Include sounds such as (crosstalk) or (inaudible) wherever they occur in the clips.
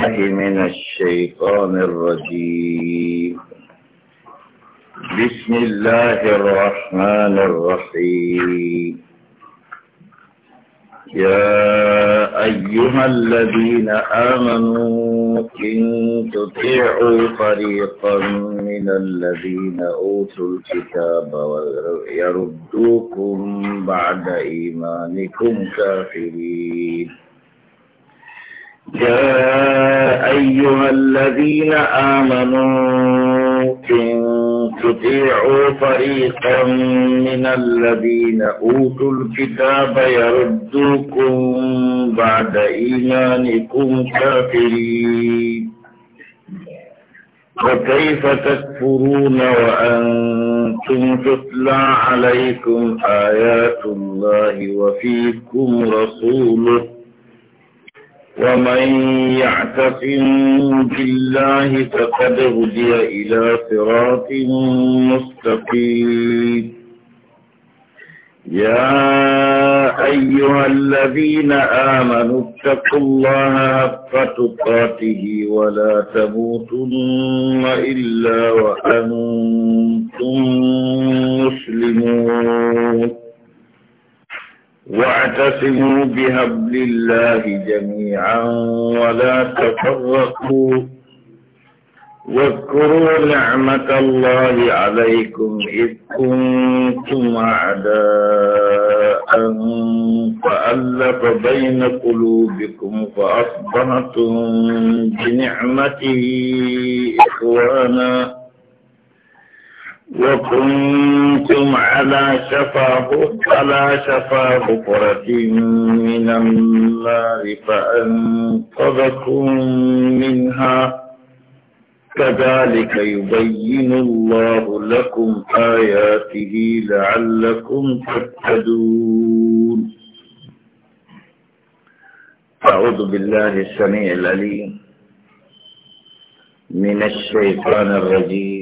الله من الشيطان الرجيم بسم الله الرحمن الرحيم يا أيها الذين آمنوا إن تطيعوا فريقا من الذين أوتوا الكتاب ويردوكم بعد إيمانكم كافرين يا أيها الذين آمنوا إن تطيعوا فريقا من الذين أوتوا الكتاب يردوكم بعد إيمانكم كافرين وكيف تكفرون وأنتم تتلى عليكم آيات الله وفيكم رسوله ومن يعتصم بالله فقد هدي إلى صراط مستقيم يا أيها الذين آمنوا اتقوا الله حق تقاته ولا تموتن إلا وأنتم مسلمون واعتصموا بهبل الله جميعا ولا تفرقوا واذكروا نعمة الله عليكم إذ كنتم أعداء فألف بين قلوبكم فأصبحتم بنعمته إخوانا وكنتم على شفا على شفا بكرة من النار فأنقذكم منها كذلك يبين الله لكم آياته لعلكم تهتدون أعوذ بالله السميع العليم من الشيطان الرجيم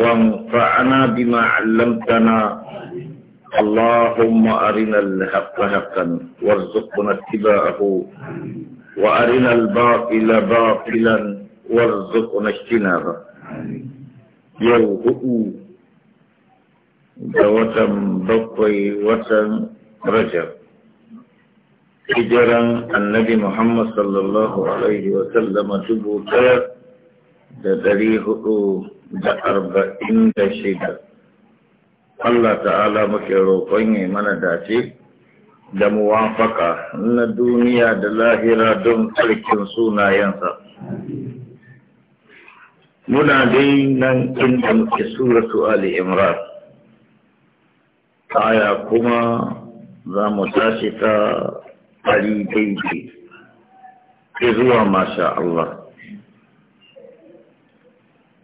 وانفعنا بما علمتنا اللهم أرنا الحق حقا وارزقنا اتباعه وأرنا الباطل باطلا وارزقنا اجتنابه يوهو دوتم بطي وتم رجب حجرا النبي محمد صلى الله عليه وسلم تبوكا da da arba'in da shida Allah ta'ala muke roƙon yi mana dace da muwafaka na duniya da lahira don tsarkin sunayensa muna dai nan inda muke suratu Ali Imran aya kuma za mu tashi ta ɗari daidai zuwa masha Allah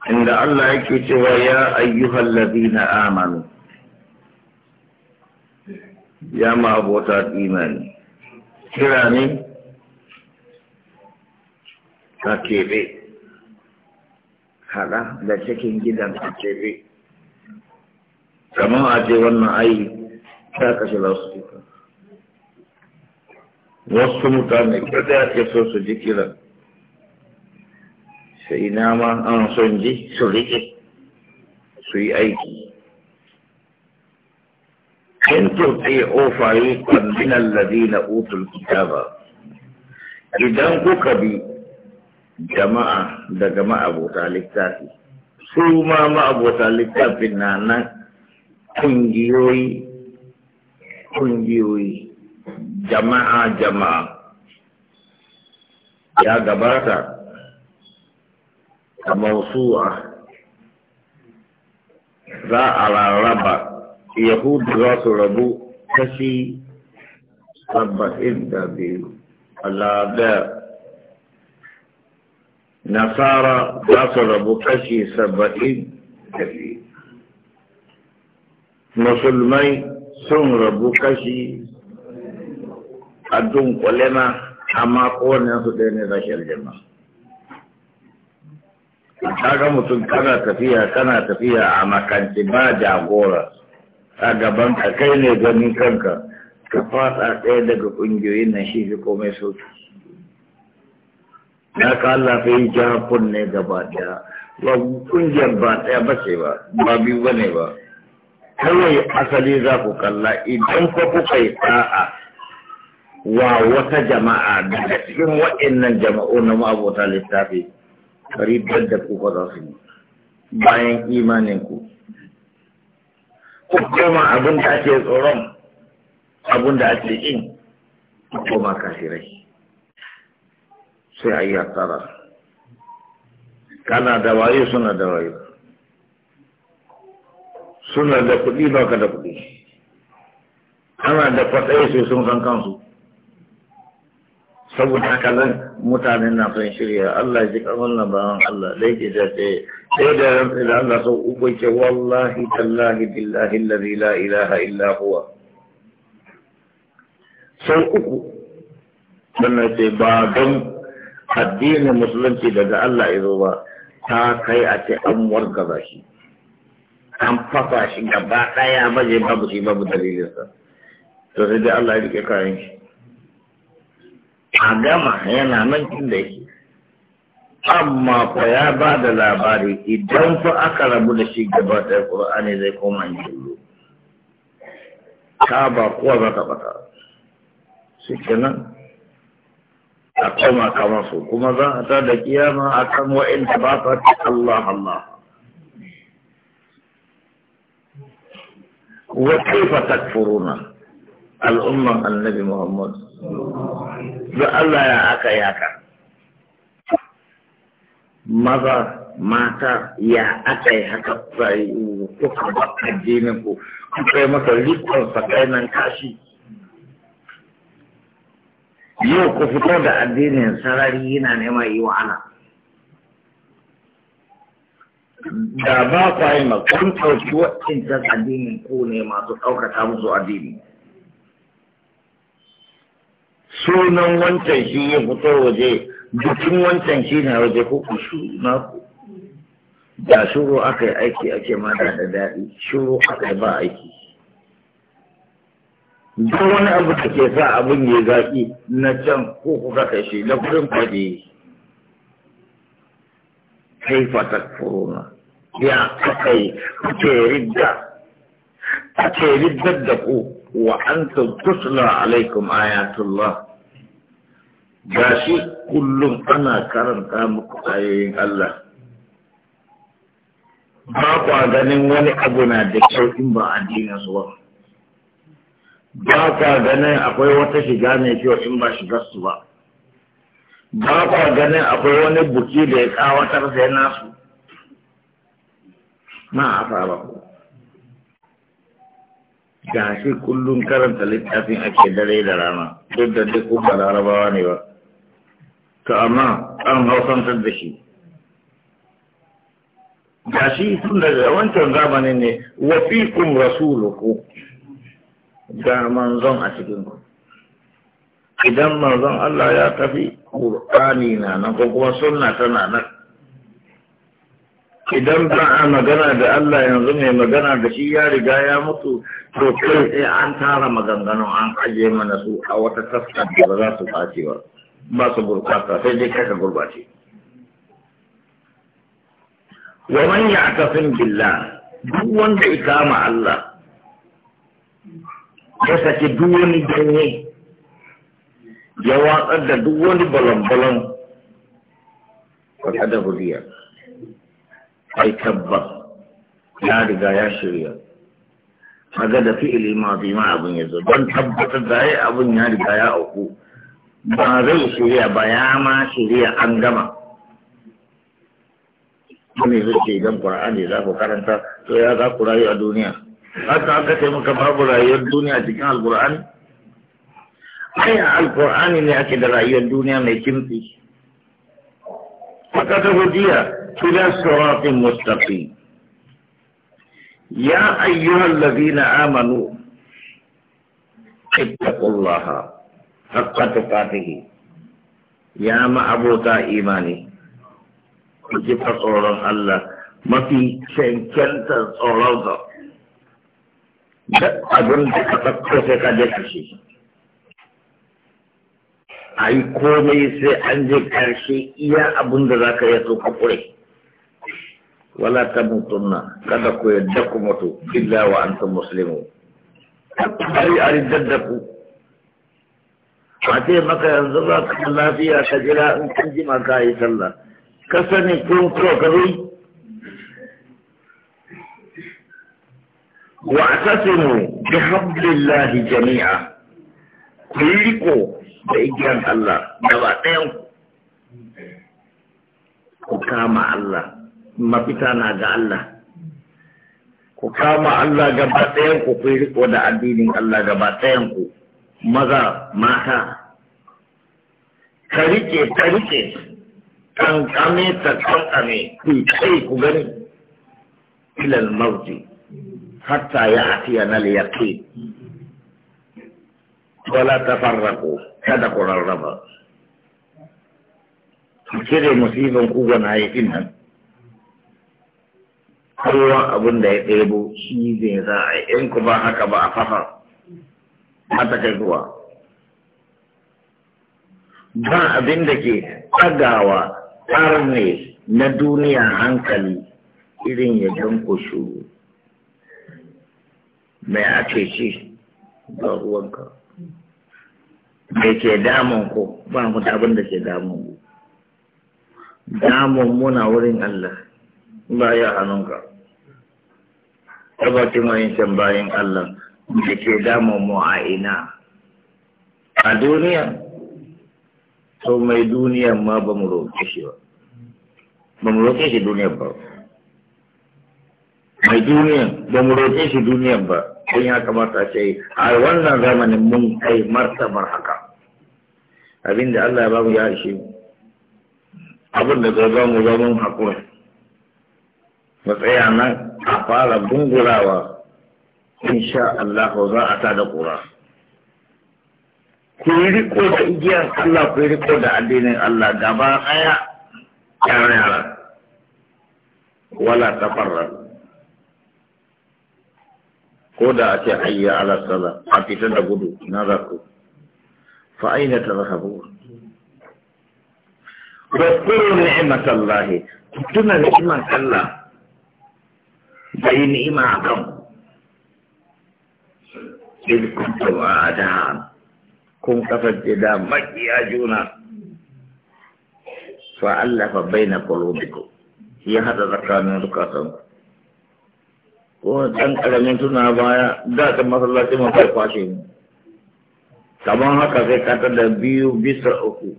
inda Allah yake cewa ya ayyuhal ladina amanu ya ma abota imani kira ne ka keɓe haɗa da cikin gidan ka keɓe kamar a ce wannan ayi ta kashe lausu wasu mutane kada ya ke so su ji kiran sai na ma an son ji su riƙe su yi aiki in turɗe ofayi kwandinan ladina utul kitaba idan kuka bi jama'a daga ma'abota littafi su ma ma'abota littafin na nan ƙungiyoyi ƙungiyoyi jama'a jama'a ya gabata موسوعة za a rarraba yahudu za su rabu kashi saba'in da biyu alada nasara za su rabu kashi saba'in da biyu musulmai sun rabu kashi a dunkulema amma kowane su ɗaya ne za shi kaga mutum kana tafiya kana tafiya a makanci ba jagora a gaban ka kai ne ganin kanka ka fasa ɗaya daga ƙungiyoyin na shi fi komai sauki na ka Allah yi ne gaba ɗaya ba ƙungiyar ba ɗaya ba ce ba ba biyu ba ne ba kawai asali za ku kalla idan ka kuka yi wa wata jama'a daga cikin waɗannan jama'u na ma'abota littafi ribar da ku ba za su yi bayan imanin ku ku koma abin da ake tsoron abin da ake yin ku koma kafirai sai a yi hasara kana da wayo suna da wayo suna da kuɗi ba ka da kuɗi ana da kwaɗaye sai sun san kansu saboda haka zan mutanen na son shirya Allah ji kamar na bawan Allah da yake da ce sai da rantsi da Allah sau uku ce wallahi tallahi billahi allazi la ilaha illa huwa sau uku wannan ce ba don addinin musulunci daga Allah izo ba ta kai a ce an wargaza shi an fafa shi gaba daya baje babu shi babu dalilinsa to sai dai Allah ya rike kayan shi agama yana nan inda yake amma fa ya ba da labari idan fa aka rabu da shi gaba da ƙur'ani zai koma jirgin ka ba kuwa za ka bata shi kenan a koma kama su kuma za a ta da kiyama a kan wa'in da ba ta Allah Allah wa kaifa takfuruna al'umma annabi Muhammad ya Allah ya aka ya haka maza mata ya aka yi haka sai kuka ba addinin ku kuka yi masa likon sakainan kashi yau ku fito da addinin sarari yana neman yi wa ana da ba kwa yi ma kun ɗauki wa'incan addinin ku ne masu ɗaukaka musu addini sunan wancan shi ya fito waje jikin wancan shi na waje ko ku su na ku da shuru aka yi aiki ake ma da daɗi shuru aka yi ba aiki duk wani abu da ke sa abin ya zaƙi na can ko ku kuka kashe da kuɗin kwaɗe kaifa ta furuna. ya aka yi ake ridda ake riddar da ku wa an tusla alaikum ayatullah ga shi kullum ana karanta muku ayoyin Allah ba kwa ganin wani abu na da kyau in ba addinin su ba ba kwa ganin akwai wata shiga mai kyau in ba shigar su ba ba kwa ganin akwai wani buki da ya kawatar sai nasu na a fara ku ga shi kullum karanta littafin ake dare da rana duk da duk kuma larabawa ne ba Ka amma an hausantar da shi ga shi tun daga wancan zamanin ne wafikun rasuluku ga manzon a cikinku idan manzon Allah ya tafi Kur'ani na nan ko kuma sunna tana nan idan ba a magana da Allah yanzu mai magana da shi ya riga ya mutu to kai sai an tara maganganun an ajiye mana su a wata taskar da ba za su ɓace ba ba su gurbata sai dai ka gurbace wa man ya'tasim billah duk wanda kama Allah ya saki duk wani danye ya watsar da duk wani balon-balon fakada huriya ai tabbas ya riga ya shirya kaga da fi'ili ma abin ya zo don tabbatar da ai abin ya riga ya auku ba zai shirya ba ya ma shirya an gama ne zuke idan ƙura'ani za ku karanta to ya za ku rayu a duniya haka aka ce maka babu rayuwar duniya cikin alƙur'ani aya alƙur'ani ne ake da rayuwar duniya mai kimfi haka ta hudiya kila sirafin mustaqim ya ayyuhal ladina amanu ittaqullaha حق تقاته يا ما أبوتا إيماني كتب صورا الله ما في شيء كنت صورا duk abin da ka ɗauko sai ka je ƙarshe a yi komai sai an je ƙarshe iya abin da za ka yi so ka ƙure wala ta mutunna kada ku yadda ku mutu illa wa antum muslimu har yi a riddar da ku a ce maka yanzu ba ka lafiya ka jira in kan ji ma yi sallah ka sani ko ko ka zo wa atasimu bi hablillahi jami'a ku yi riko da igiyar Allah da ɗayan ku kama Allah mafita na ga Allah ku kama Allah gaba ɗayan ku ku yi riko da addinin Allah gaba ɗayan ku maza mata ka rike ka rike kankame ta kankame kai ku gani ilal mauti hatta ya atiya na ke. wala tafarraqu kada ku rarraba cire musibin ku gwana ya nan kowa abin da ya ɗebo shi zai za a yi in ku ba haka ba a fafa mata kai zuwa ba abin da ke tsagawa ne na duniya hankali irin ya dankushu mai ake ci ga ruwanka mai ke damun ku ba mu da abin da ke damun ku damun muna wurin Allah ba ya hannunka. Tabbatin can bayan Allah da ke damun mu a ina a duniya to mai duniya ma ba mu roƙe shi ba ba mu roƙe shi duniya ba mai duniya ba mu roƙe shi duniya ba don ya kamata ce a wannan zamanin mun kai martabar haka abinda Allah ya bamu ya shi abin da ga bamu zaman hakuri mu tsaya nan a fara bungurawa insha Allah za a tada ƙura ku yi riko da igiyar Allah ku yi riko da addinin Allah gaba ɗaya yara yara wala ta tafarrar ko da a ce hayya ala sallah a fitar da gudu na za ku fa aina tazhabu wa qulu Ku tuna ni'man Allah bai ni'ima akan in kuntum a'da'an kun kasance da makiya juna fa fa baina qulubikum ya hada tsakanin zukatan ko dan karamin tuna baya da ta masallaci mun kai kamar haka sai ka da biyu bisa uku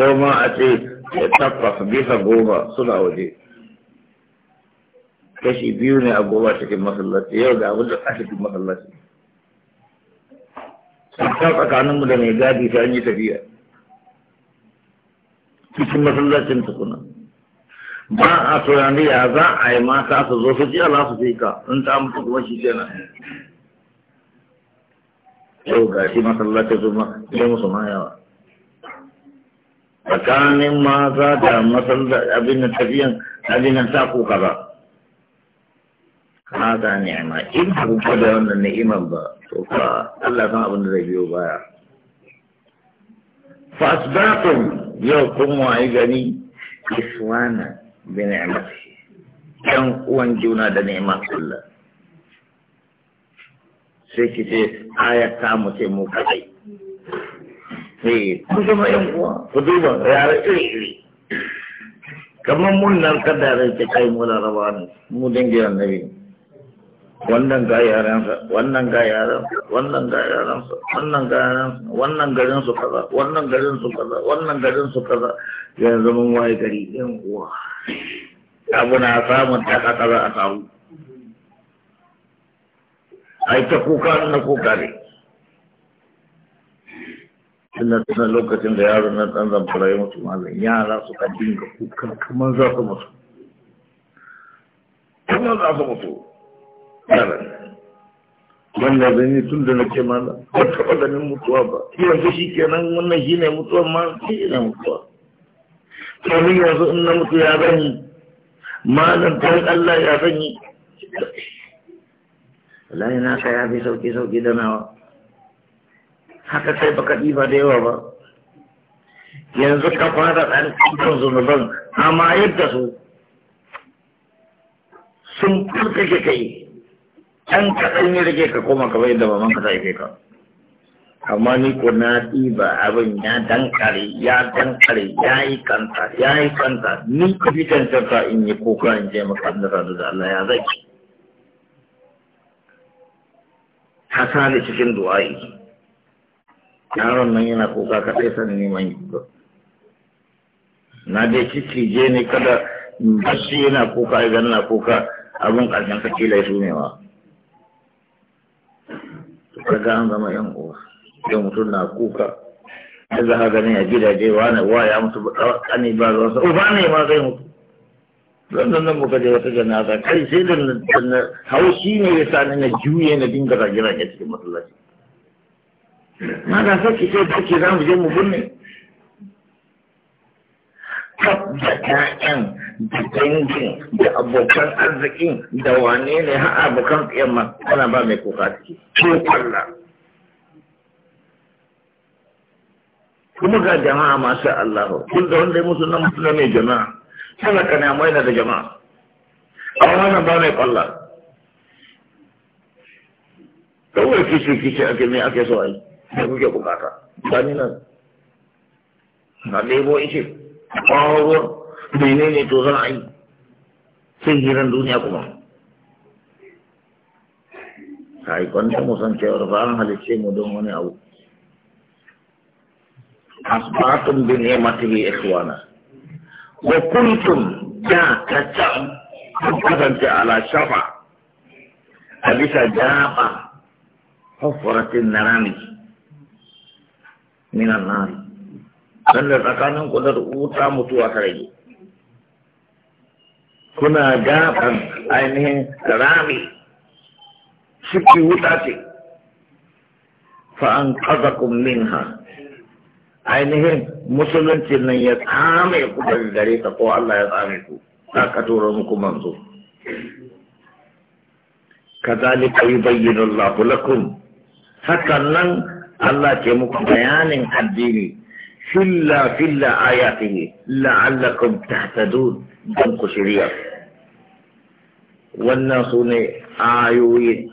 ko ma a ce tabbas bisa goma suna waje kashi biyu ne a goba cikin masallaci yau da abin da a cikin masallaci ta tsakaninmu da mai gadi ta yi tafiya cikin masallacin tukuna ba a tunani ya za a yi mata su zo su ji za su fi ka in ta mutu kuma shi kenan yau ga shi masallacin su ma ya musu ma yawa tsakanin mata da masallacin abin da tafiyan abin da ta kuka ba hada ni'ima in abin ko da wannan ni'iman ba to fa Allah san abin da zai biyo baya fa asbatum yau kun waye gani iswana bi ni'mati yan uwan juna da ni'imar Allah sai ki ce aya ta mu ce mu kadai sai eh, kun zama yan uwa ku duba ya iri iri kamar mun nan kada rai ta kai mu larabawa ne mu dangin annabi ne wannan ga yaransa wannan ga yaransa wannan ga yaransa wannan ga yaransa wannan garin su kaza wannan garin su kaza wannan garin su kaza yanzu mun waye gari ɗin uwa abu na samun ta kaza za a samu ai ta kuka na kuka ne tunda tunan lokacin da yaron nan ɗan zamfara ya mutu malam yara suka dinga kuka kamar za su mutu kamar za su mutu yaran wannan zan tun da nake mana ba taɓa ganin mutuwa ba yanzu shi kenan wannan shi ne mutuwa ma shi ina mutuwa to ni yanzu in na mutu ya gani malam dan Allah ya gani wallahi na ka ya fi sauki sauki da nawa haka sai baka ɗiba da yawa ba yanzu ka fara ɗan ɗan zunuban amma yadda su sun farka ke kai ɗan kaɗan da rage ka koma ka bai da baban ka sai ka amma ni ko na ba abin ya dankare ya dankare ya yi kanta ya yi kanta ni ka fi cancanta in yi kuka in je maka na sadu da Allah ya zaki hasali cikin du'a'i yaron nan yana kuka kaɗai sanin neman kuka na dai cici je ne kada bashi yana kuka idan na kuka abin ƙarshen sakila ya sumewa Ka ga an zama yan uwa yau mutum na kuka da za ka gani a gidaje wani wa ya mutu ba ne ba ruwansa uba ne ma zai mutu London nan muka je wata janaza kai sai da na haushi ne ya sa na juye na dinga rage-rage cikin masallaci. Na ga saki sai da ake za mu je mu binne. Kaf da 'ya'yan dangin da abokan arzikin da wane ne har abokan tsayamma ana ba mai kuka ciki ko kwalla kuma ga jama'a masu Allah kun da wanda ya musu na mutu mai jama'a sana kana mai na da jama'a amma wannan ba mai kwalla kawai kishi kishi ake mai ake so ai da kuke bukata ba ni nan na ɗebo ishe a kawo menene to za a yi sai hiran duniya kuma kai kwanta mu san cewa ba an halicce mu don wani abu asbatun bi ni'matihi ikhwana wa kuntum da katam An kasance ala shafa a bisa jaba hufratin narami minan nari dan da tsakanin ku da wuta mutuwa ta rage Kuna gaban ainihin rami suke wuta ce fa'an ƙazakun minha ainihin musulunci nan ya tsame ku daga gare ta ko Allah ya tsame ku za ka tura muku manzo ka yi bayyana lafulakun. hakan nan Allah ke muku bayanin addini filla filla ayatihi la'allakum tahtadun don ku shirya wannan su ne ayoyin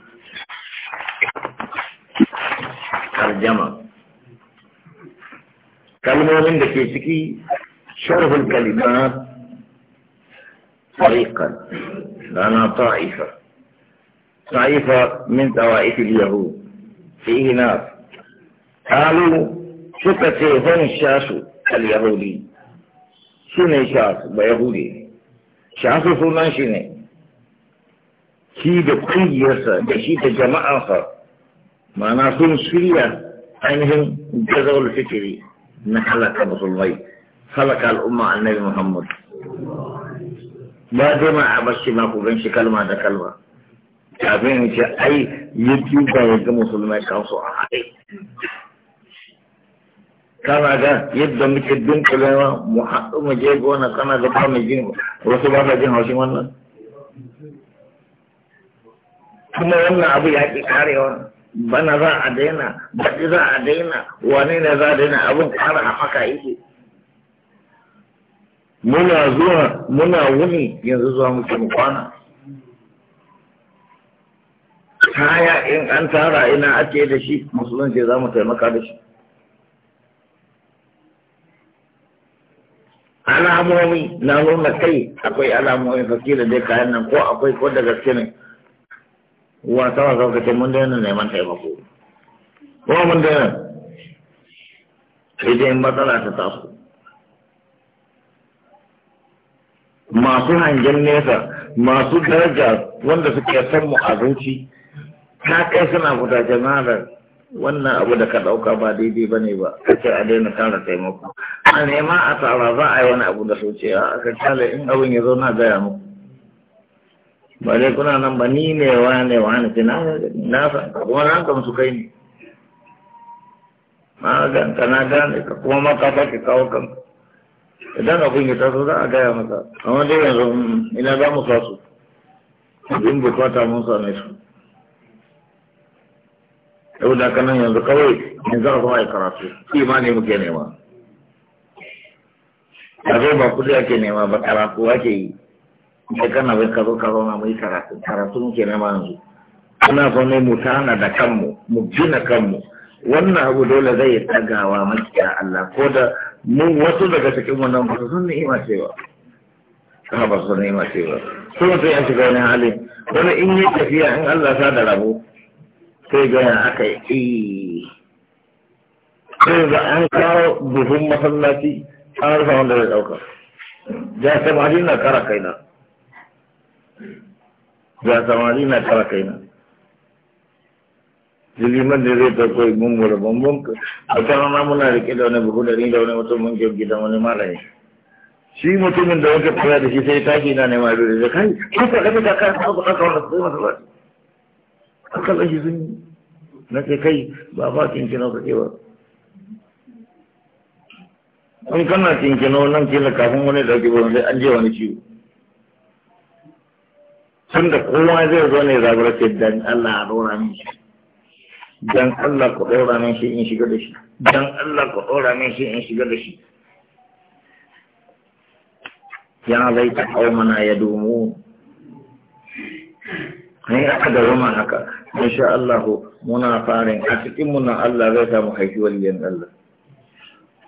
tarjama kalmomin da ke ciki sharhul kalimat tariqan lana ta'ifa ta'ifa min tawa'if al-yahud fihi nas qalu suka ce hun shasu al-yahudi sune shasu shasu sunan shi ne shi da kungiyarsa da shi da jama'arsa ma'ana sun shirya ainihin gazawar fikiri na halaka musulmai halaka al'umma annabi muhammad ba a ba shi ma ku gan shi kalma da kalma kafin ce ai yi duba ya ga musulmai kansu a haɗe kana ga yadda muke dunkulewa mu haɗu mu je gona kana ga ba mu jin wasu ba sa jin haushin wannan kuma wannan abu ya ƙi karewa bana za a daina baɗi za a daina wane ne za a daina abin ƙara haɓaka yake muna zuwa muna wuni yanzu zuwa muke mu kwana kaya in an tara ina ake da shi musulunci za mu taimaka da shi alamomi na nuna kai akwai alamomi da dai kayan nan ko akwai ko da gaske ne wasa wasa ka ce mun daina neman taimako ko mun daina dai matsala ta taso masu hangen nesa masu daraja wanda suke san mu abinci ta kai suna fita jama'ar wannan abu da ka ɗauka ba daidai ba ne ba a ce a daina tara taimako a nema a tara za a yi wani abu da a ka kyale in abin ya zo na gaya muku ba dai kuna nan ba ni ne wa ne wa ne ce na san kuma na kan su kai ne na gan ka na gane ka kuma ma ka ki kawo kan idan abin ya taso za a gaya maka amma dai yanzu mm, ina za mu sa su abin bukata mun same su yau da kanan yanzu kawai in zara kuma ya karatu shi ma ne muke nema a zai ba kudi ake nema ba karatu ake yi da kana bai ka zo ka zauna mu yi karatu karatu muke nema yanzu ana so ne mu tana da kanmu mu gina kanmu wannan abu dole zai tsagawa makiya Allah ko da mu wasu daga cikin wannan ba sun ni'ima cewa kuma ba sun ni'ima cewa sun mutum ya shiga wani hali wani in yi tafiya in Allah sa da rabo sai ga yana aka yi eh. sai ga an kawo buhun masallaci an rufa wanda zai ɗauka ja samari na kara kaina ja samari na kara kaina liman da zai ɗauko yi mun bambam a kanana muna rike da wani buhu da ni da wani mutum mun kyau gidan wani malami shi mutumin da wanke fara da shi sai tashi na nema biyu da kai kasa ka ta kan abu kasa masallaci aka lashi sun yi na ce kai ba ba kinkino ka ke ba in kana kinkino nan ke na kafin wani dauki ba wanda an je wani ciwo sun da kowa zai zo ne zabar ce dan Allah a dora min shi dan Allah ku dora min shi in shiga da shi dan Allah ku dora min shi in shiga da shi ya zai ta hau mana ya domo ne aka da zama haka insha Allah muna farin a cikin mu nan Allah zai samu haifi waliyan Allah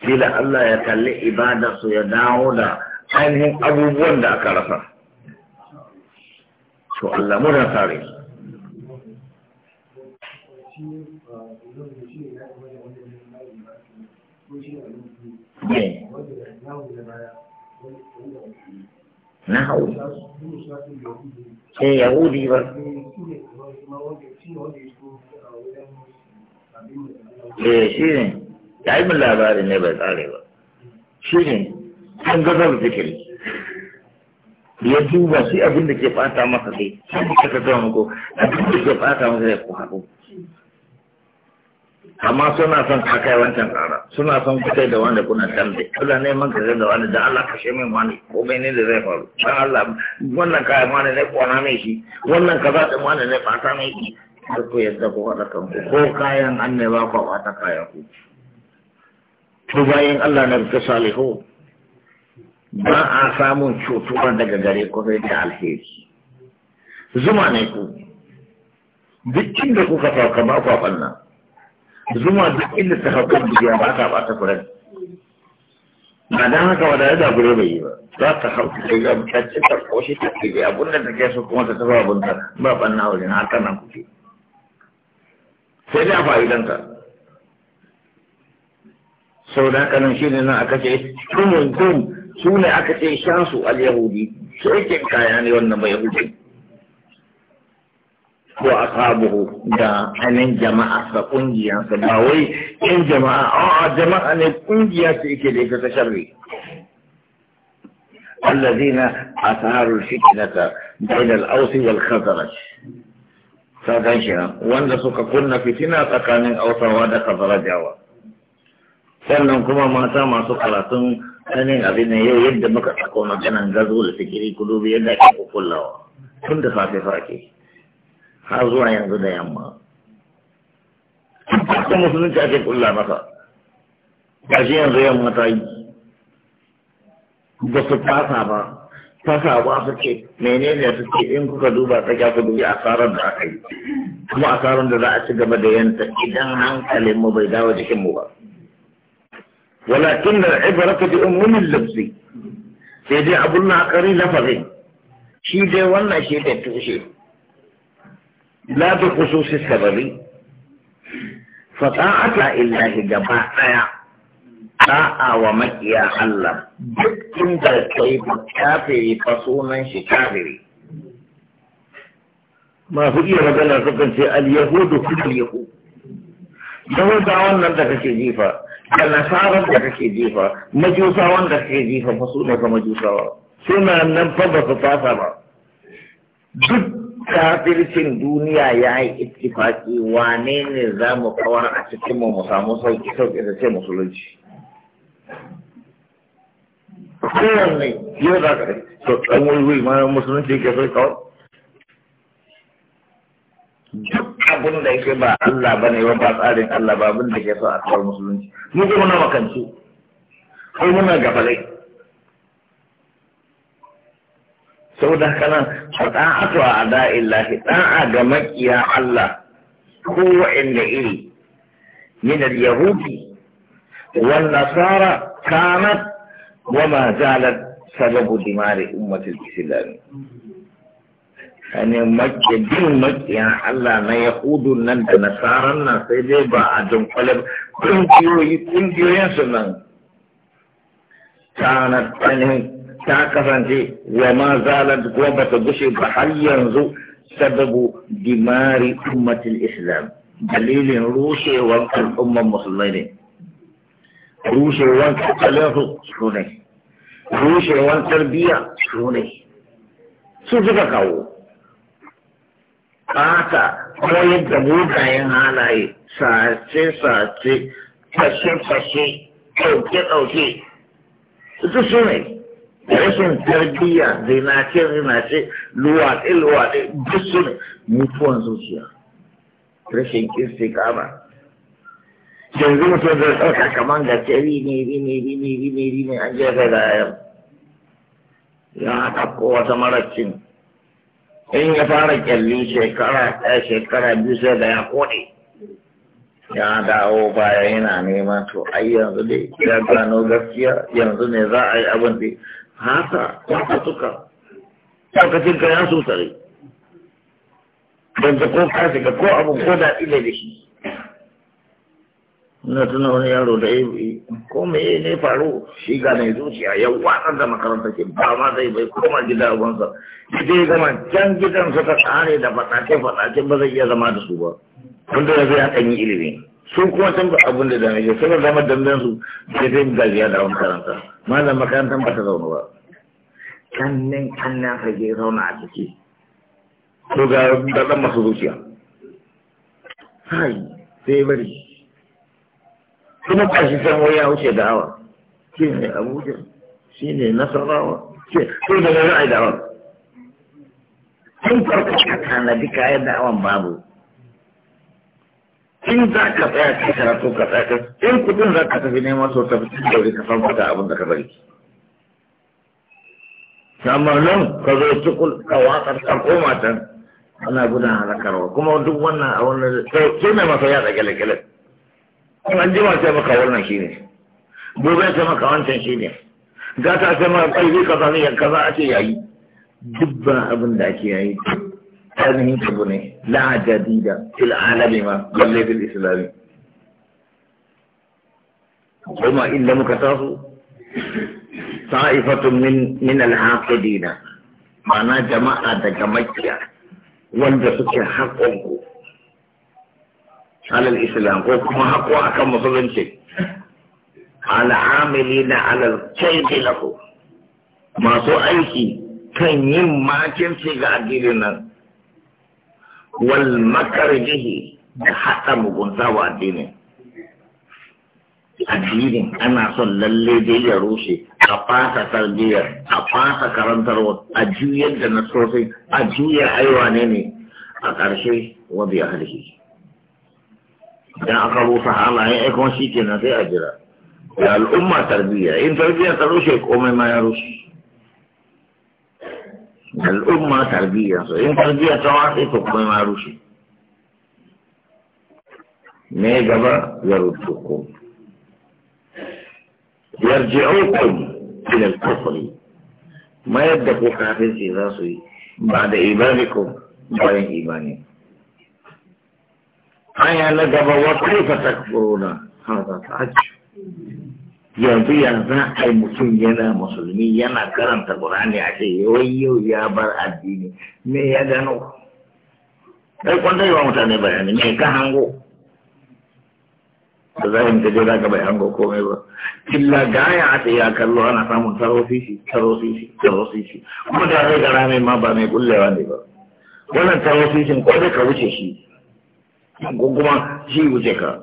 kila Allah ya kalli ibada su ya dawo da ainihin abubuwan da aka rasa to Allah muna fare Yeah. na hau eh, yahudi ba eh shi ne ya yi min labarin ne bai tsare ba shi ne an gazar zikiri ya duba shi abin da ke fata masa dai sai ka ga muku abin da ke fata masa dai ku haɗu amma suna son ka kai wancan tsara suna son ka da wanda kuna tambe ne man ka da wani da Allah kashe min wani ko bai ne da zai faru dan Allah wannan kai wani ne kona ne shi wannan kaza din wani ne fata ne shi har ku yadda ku hada kanku ko kayan ko ku ta kayan ku to bayan Allah na ka salihu ba a samun cutuwa daga gare ku sai da alheri zuma ne ku duk inda kuka sauka ba ku a zuma duk inda ta haƙar biya ba ta ta furen ba don haka ba da ya gure bai yi ba za ta haƙar da ya ta ce ta koshe ta ce biya abun da ta ke su kuma ta taba abun ta ba ɓanna wajen haka nan kuke sai da ka sau da haka nan shi ne nan aka ce kumun kum su ne aka ce shansu al-yahudi sai ke kaya ne wannan ba yahudi ko a sabuhu da hannun jama'a da ƙungiyarsa ba wai ƴan jama'a jama'a ne ƙungiya ce ike da ita ta sharri allazi na a saharar shi ke nata bainal ausi wal khazaraj ta gan shi wanda suka kunna fitina tsakanin Hausawa da khazarajawa sannan kuma mata masu karatun sanin abin nan yau yadda muka tsakona ganin gazo da sikiri kudu yadda ake kukullawa tun da safe fa ake. har zuwa yanzu da yamma ta musulunci ake kulla masa shi yanzu yamma ta yi ba su fasa ba fasawa suke menene suke in kuka duba ta ku dubi asarar da aka yi kuma asarar da za a ci gaba da yanta idan hankalin mu bai dawo jikin mu ba walakin da ibaraka bi umumin labsi sai dai abun na akari lafazin shi dai wannan shi da tushe Labi kusoshi sabari. Fakan aca illa ke gaba ɗaya. A'a wa maƙiya Allah. Duk ɗin da Facebook ya fahimtar sunan Chicago. Masu iya ragala a sakan cin Aliyahu da kake jefa, da nasarar da kake jefa, majusawa da kake jefa, fa sunan majusawa, suna nan fa su fasa ba. Duk. kafircin duniya ya yi ittifaki wane ne za mu kawar a cikin mu mu samu sauki sauki da ce musulunci kowanne yau za ka to ɗan wuri ma musulunci ke so kawar duk abin da yake ba Allah ba ne ba ba tsarin Allah ba abin da ke so a kawar musulunci mu ji muna makanci ko muna gabalai saboda haka nan fada'atu a da'illahi da'a ga makiya Allah ko wa'inda iri min yahudi wal nasara kanat wa ma zalat sababu dimari ummatil islam yani makke din makiya Allah na yahudu nan da nasaran nan sai dai ba a don kungiyoyi kungiyoyin su nan kanat ainihin ta kasance wa ma zalat ko ba ta gushe ba har yanzu sababu dimari ummatil islam dalilin rushewar al'umman musulmai ne rushewar tattalinsu su ne rushewar tarbiyya su ne su suka kawo ƙata koyar da mugayen halaye sace-sace fashe-fashe ɗauke-ɗauke su su ne rashin tarbiyya zinace zinace luwaɗe luwaɗe duk su ne mutuwan zuciya rashin kama yanzu mutum zai ɗauka kamar gaske ne rini ne rini ne an jefa da yau ya ko wata maracin in ya fara kyalli shekara ɗaya shekara biyu sai da ya koɗe ya dawo baya yana neman to ai yanzu dai ya gano gaskiya yanzu ne za a yi abin da haka ya fatuka ɗaukacin ka ya so tare banza ko ka shiga ko abin ko da ile da shi na tuna wani yaro da ya ko me ne faru shi ga mai zuciya ya watsar da makaranta ke ba ma zai bai koma gida ubansa idan ya gama can gidan ka tsare da faɗace faɗace ba zai iya zama da su ba wanda ya zai ya ɗanyi ilimi su kuma can ba abin da dame shi suka zama dandan su sai dai gajiya da makaranta malam makarantar ba ta zauna ba kannin kannin rage zauna a ciki ko ga ɗan masu zuciya hai sai bari kuma kashi san wuya wuce da awa ke ne abuja shi ne nasarawa ke ko da na ra'ayi da awa sun farko ka tanadi kayan da awan babu in za ka tsaya ka karatu ka tsaya in kudin za ka tafi neman so tafi cikin da wuri ka samu da abin da ka bari nan ka zo cikin kawakar watsar koma can ana gudan halakarwa kuma duk wannan a wannan sai mai masa ya gele-gele. gyale an ma sai maka wannan ne, gobe sai maka wancan ne, gata sai maka ƙarfi ka zane yanka kaza a ce yayi duk ba abin da ake yayi ainihin abu ne la'ajadi da fil ma balle bil islami kuma inda muka taso min al-haqidina mana jama'a daga دجمكيا wanda suke ku alal islam ko kuma haƙo akan musulunci al'amili na alal kaidi lahu masu aiki kan yin makinci ga addinin nan wal makar da haɗa mugunta wa addinin addinin ana son lalle dai ya rushe a fasa tarbiyyar a fasa karantarwa a juyar da nasosin a juyar aiwa ne ne a ƙarshe wa biya halhi idan aka rusa halayen aikon shi ke na sai a jira da al'umma tarbiyya in tarbiyya ta rushe komai ma ya rushe al'umma tarbiyya so in tarbiyya ta watsa to komai ma rushe me gaba ya rubuta komai yarji'ukum ila al-kufr ma yadda ku kafirci za su yi ba da ibadikum bayan imani aya na gaba wa kaifa takfuruna hada ta'ajjub yanzu ya a yi mutum yana musulmi yana karanta Qur'ani a ce yawai yau ya bar addini me ya gano kai kwanta yi wa mutane bayani me ka hango da a ta za ka bai hango komai ba illa gaya a tsaye a kallo ana samun taro sisi taro sisi taro sisi kuma da zai gara mai ma ba mai kullewa ne ba wannan taro sisin ko zai ka wuce shi ko kuma shi wuce ka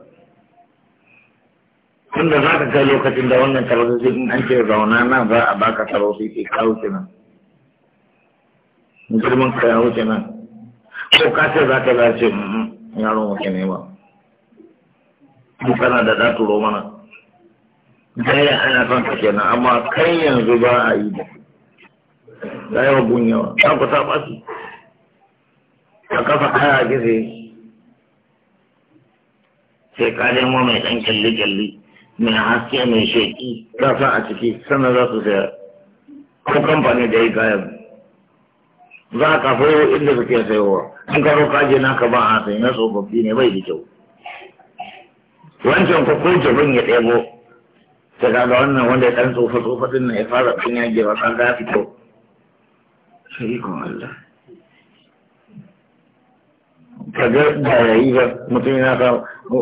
Wanda za ka kai lokacin da wannan taro sisi in an ce zauna nan za a baka taro sisi ka wuce nan girman ka ya wuce nan ko ka ce za ka zace yaron wuce ne ba kana da ɗan turo mana gaya ana son ka kenan amma kai yanzu ba a yi ba. da yawa gunyawa. ta ku ta basu ka kafa kaya a gize sai ka nemo mai ɗan kyalli-kyalli mai haske mai sheƙi ka sa a ciki sannan za su sayar ko kamfani da ya kayan za ka fayo inda suke sayowa in ka roƙa je ka ba a sayi na tsofaffi ne bai da kyau wancan ko ko jabin ya ɗebo ta ga wannan wanda ya ɗan tsofa tsofa ɗin nan ya fara ɗan ya gira kaga ya fito sai ikon Allah kaga da ya yi ba mutum yana ka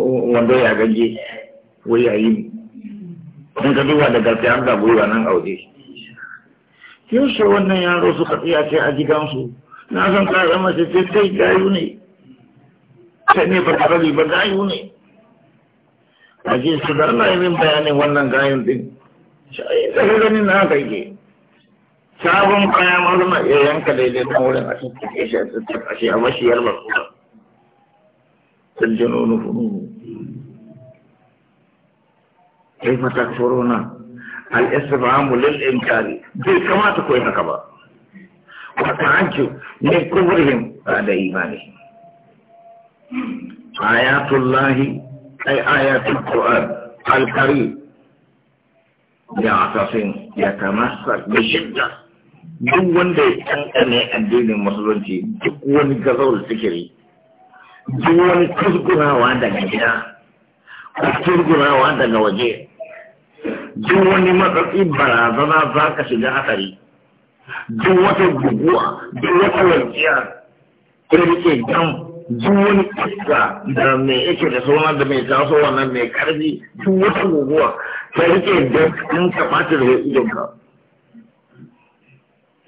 wanda ya gaje wai ya yi in ka duba da gaske an ga wa nan yau yaushe wannan yaro suka tsaya ce a gidansu na san ka zama ce sai kai gayu ne sai ne ba ta rabi ba gayu ne a ce su da Allah ya min bayanin wannan gayan din shi da ganin na haka yake sabon kaya ma zama iya yanka daidai ta wurin a cikin shi a shi a mashiyar ba sun jino nufunu kai fata corona al-isfahamu lil inkari bai kamata koyi haka ba وتعجب من كفرهم ba إيمانهم آيات الله أي آيات القرآن الكريم يعتصم يتمسك بشدة duk wanda ya kankane addinin musulunci duk wani gazawar sikiri duk wani kusgunawa daga gida ko daga waje duk wani matsatsi barazana za ka shiga hatsari duk wata guguwa duk wata rike duk wani iska da mai yake da sauran da mai taso wannan mai karfi duk wata guguwa ta rike da in ka bata da idonka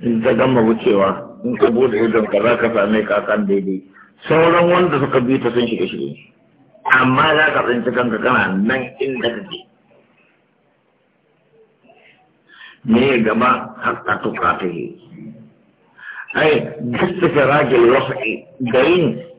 in ta gama wucewa in ka bude idonka za ka same ka kan daidai sauran wanda suka bi ta sun shiga shige amma za ka tsinci kanka kana nan inda kake me gaba ta yi ai gaskata ragil wasa'i da yin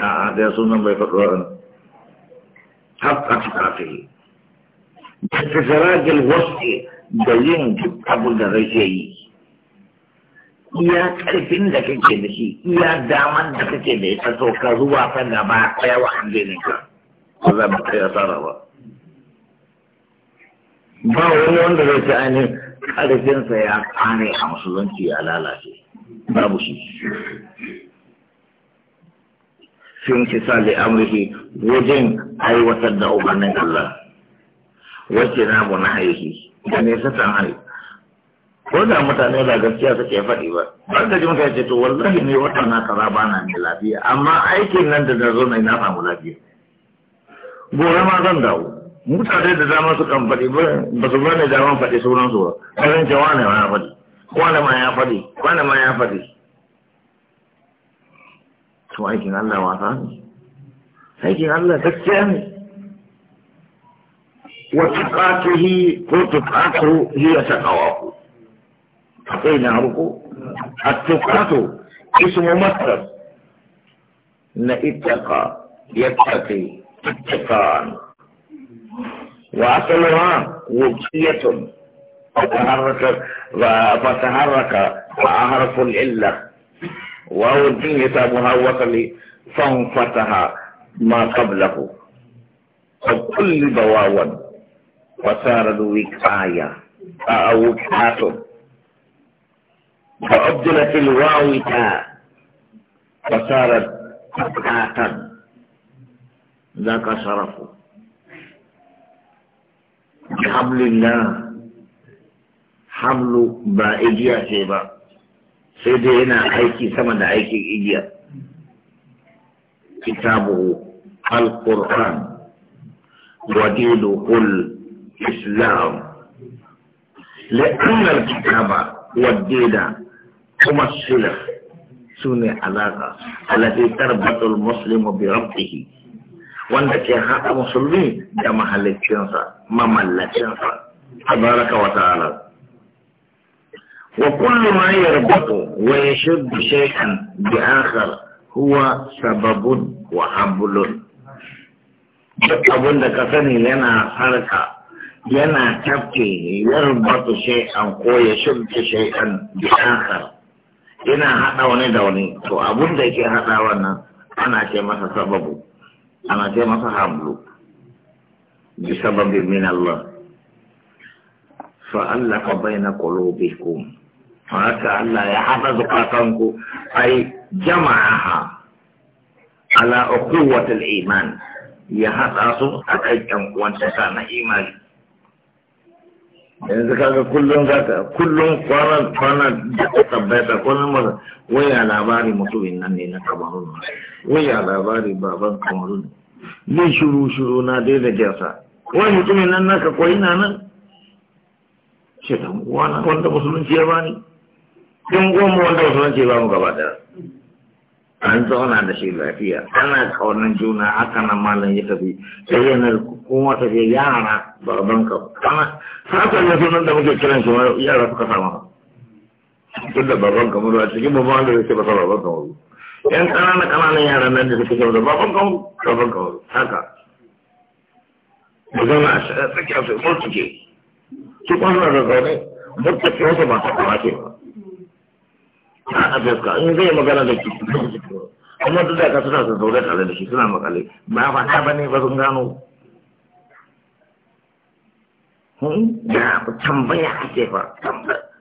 a da sunan bai faɗo ran ta kafi da ta tsiragil wasu da yin duk abu da rage yi iya ƙarfin da kake da shi iya daman da kake da ita to ka zuwa ta gaba ɗaya wa addinin ka ba za mu kai asara ba ba wani wanda zai ci ainihin ƙarfinsa ya kare a musulunci ya lalace babu shi da umarnin Allah وجن na وتدع na الله da ne sa san hari ko da mutane da gaskiya suke faɗi ba ba da jin ya ce to wallahi ne wata na kaza ba na ne lafiya amma aikin nan da na zo na ina samu lafiya gobe ma zan dawo mutane da dama su kan faɗi ba su bane dama faɗi su ba karin ce ne ma ya faɗi Kwan'a ma ya faɗi Kwan'a ma ya faɗi to aikin Allah wasa ne aikin Allah gaskiya ne wa tuqatuhi ko tuqatu hiya taqawaku akwai na harko at-tuqatu ismu masdar na ittaqa yattaqi ittaqan wa asaluha wujiyatun فتحرك فتحرك حرف العله واو الدين يتابعها وصلي فانفتها ما قبله وكل بواوا فصار ذو وقاية أو وقاة فأبدلت الواو تاء فصارت قطعة ذاك شرف بحبل الله حبل بائجية شيبا sai dai yana aiki sama da aikin igiyar kitabu al-qur'an islam lakin al-kitaba wadida kuma sila su ne alaƙa alafi tarbatul muslimu bi rabbihi wanda ke haɗa musulmi da mahallicinsa mamallacinsa tabaraka wa ta'ala وكل ما يربط ويشد شيئا بآخر هو سبب وحبل duk abin ka sani yana harka yana tafke yarbatu shay'an ko ya shubta shay'an bi akhar yana hada wani da wani to abin da yake hada wannan ana ce masa sababu ana ce masa hablu bi sababin min Allah fa allafa baina qulubikum haka Allah ya haɗa zukatanku ai jama'aha ala ukuwatul iman ya haɗa su a kai kan ƴan uwantaka na imani yanzu kaga kullum zaka kullum kwanan kwanan da ka tabbata kullum wai ya labari mutumin nan ne na kamarun wai ya labari baban kamarun ne shuru shuru na daina jasa wai mutumin nan naka koyi na nan shi dan uwana wanda musulunci ya bani sun goma wanda ba mu gaba daya an zauna da shi lafiya ana juna haka nan malam ya tafi sai yana kuma yara ka kana sakon ya sunan da muke kiran shi yara suka sama duk da baban cikin babban da basa yan kanana kananan nan da suke kyau da haka a su da zaune ba ta ba a fuska in zai magana da ki amma duk da ka suna su zaune tare da shi suna makale ba faɗa ba ne ba sun gano hmm? da tambaya ake fa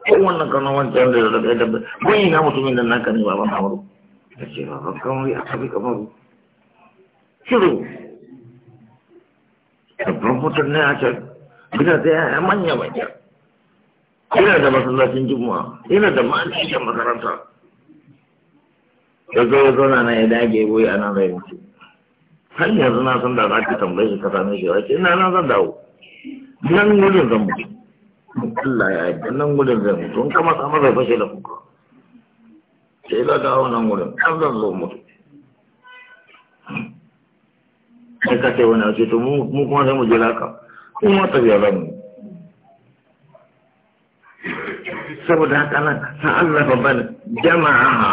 kowanne kanon wancan da zaga da ban yi na mutumin da naka ne baban kamaru da ce baban kamaru a kabi kamaru shiru da burbutan ne a can gina ta yaya manya manya Ina da masallacin juma'a Ina da ma'aikatan makaranta daga wasu na ya dage goyi a nan rai mutu har yanzu na san da za ka tambaye shi ka same shi wace ina na zan dawo nan gudun zan mutu Allah ya yi nan gudun zan mutu in kama samar da fashe da kuka sai za dawo nan gudun har zan zo mutu sai ka ce wani a ce to mu kuma sai mu jira ka kuma tafiya zan mutu saboda haka nan Allah babban jama'a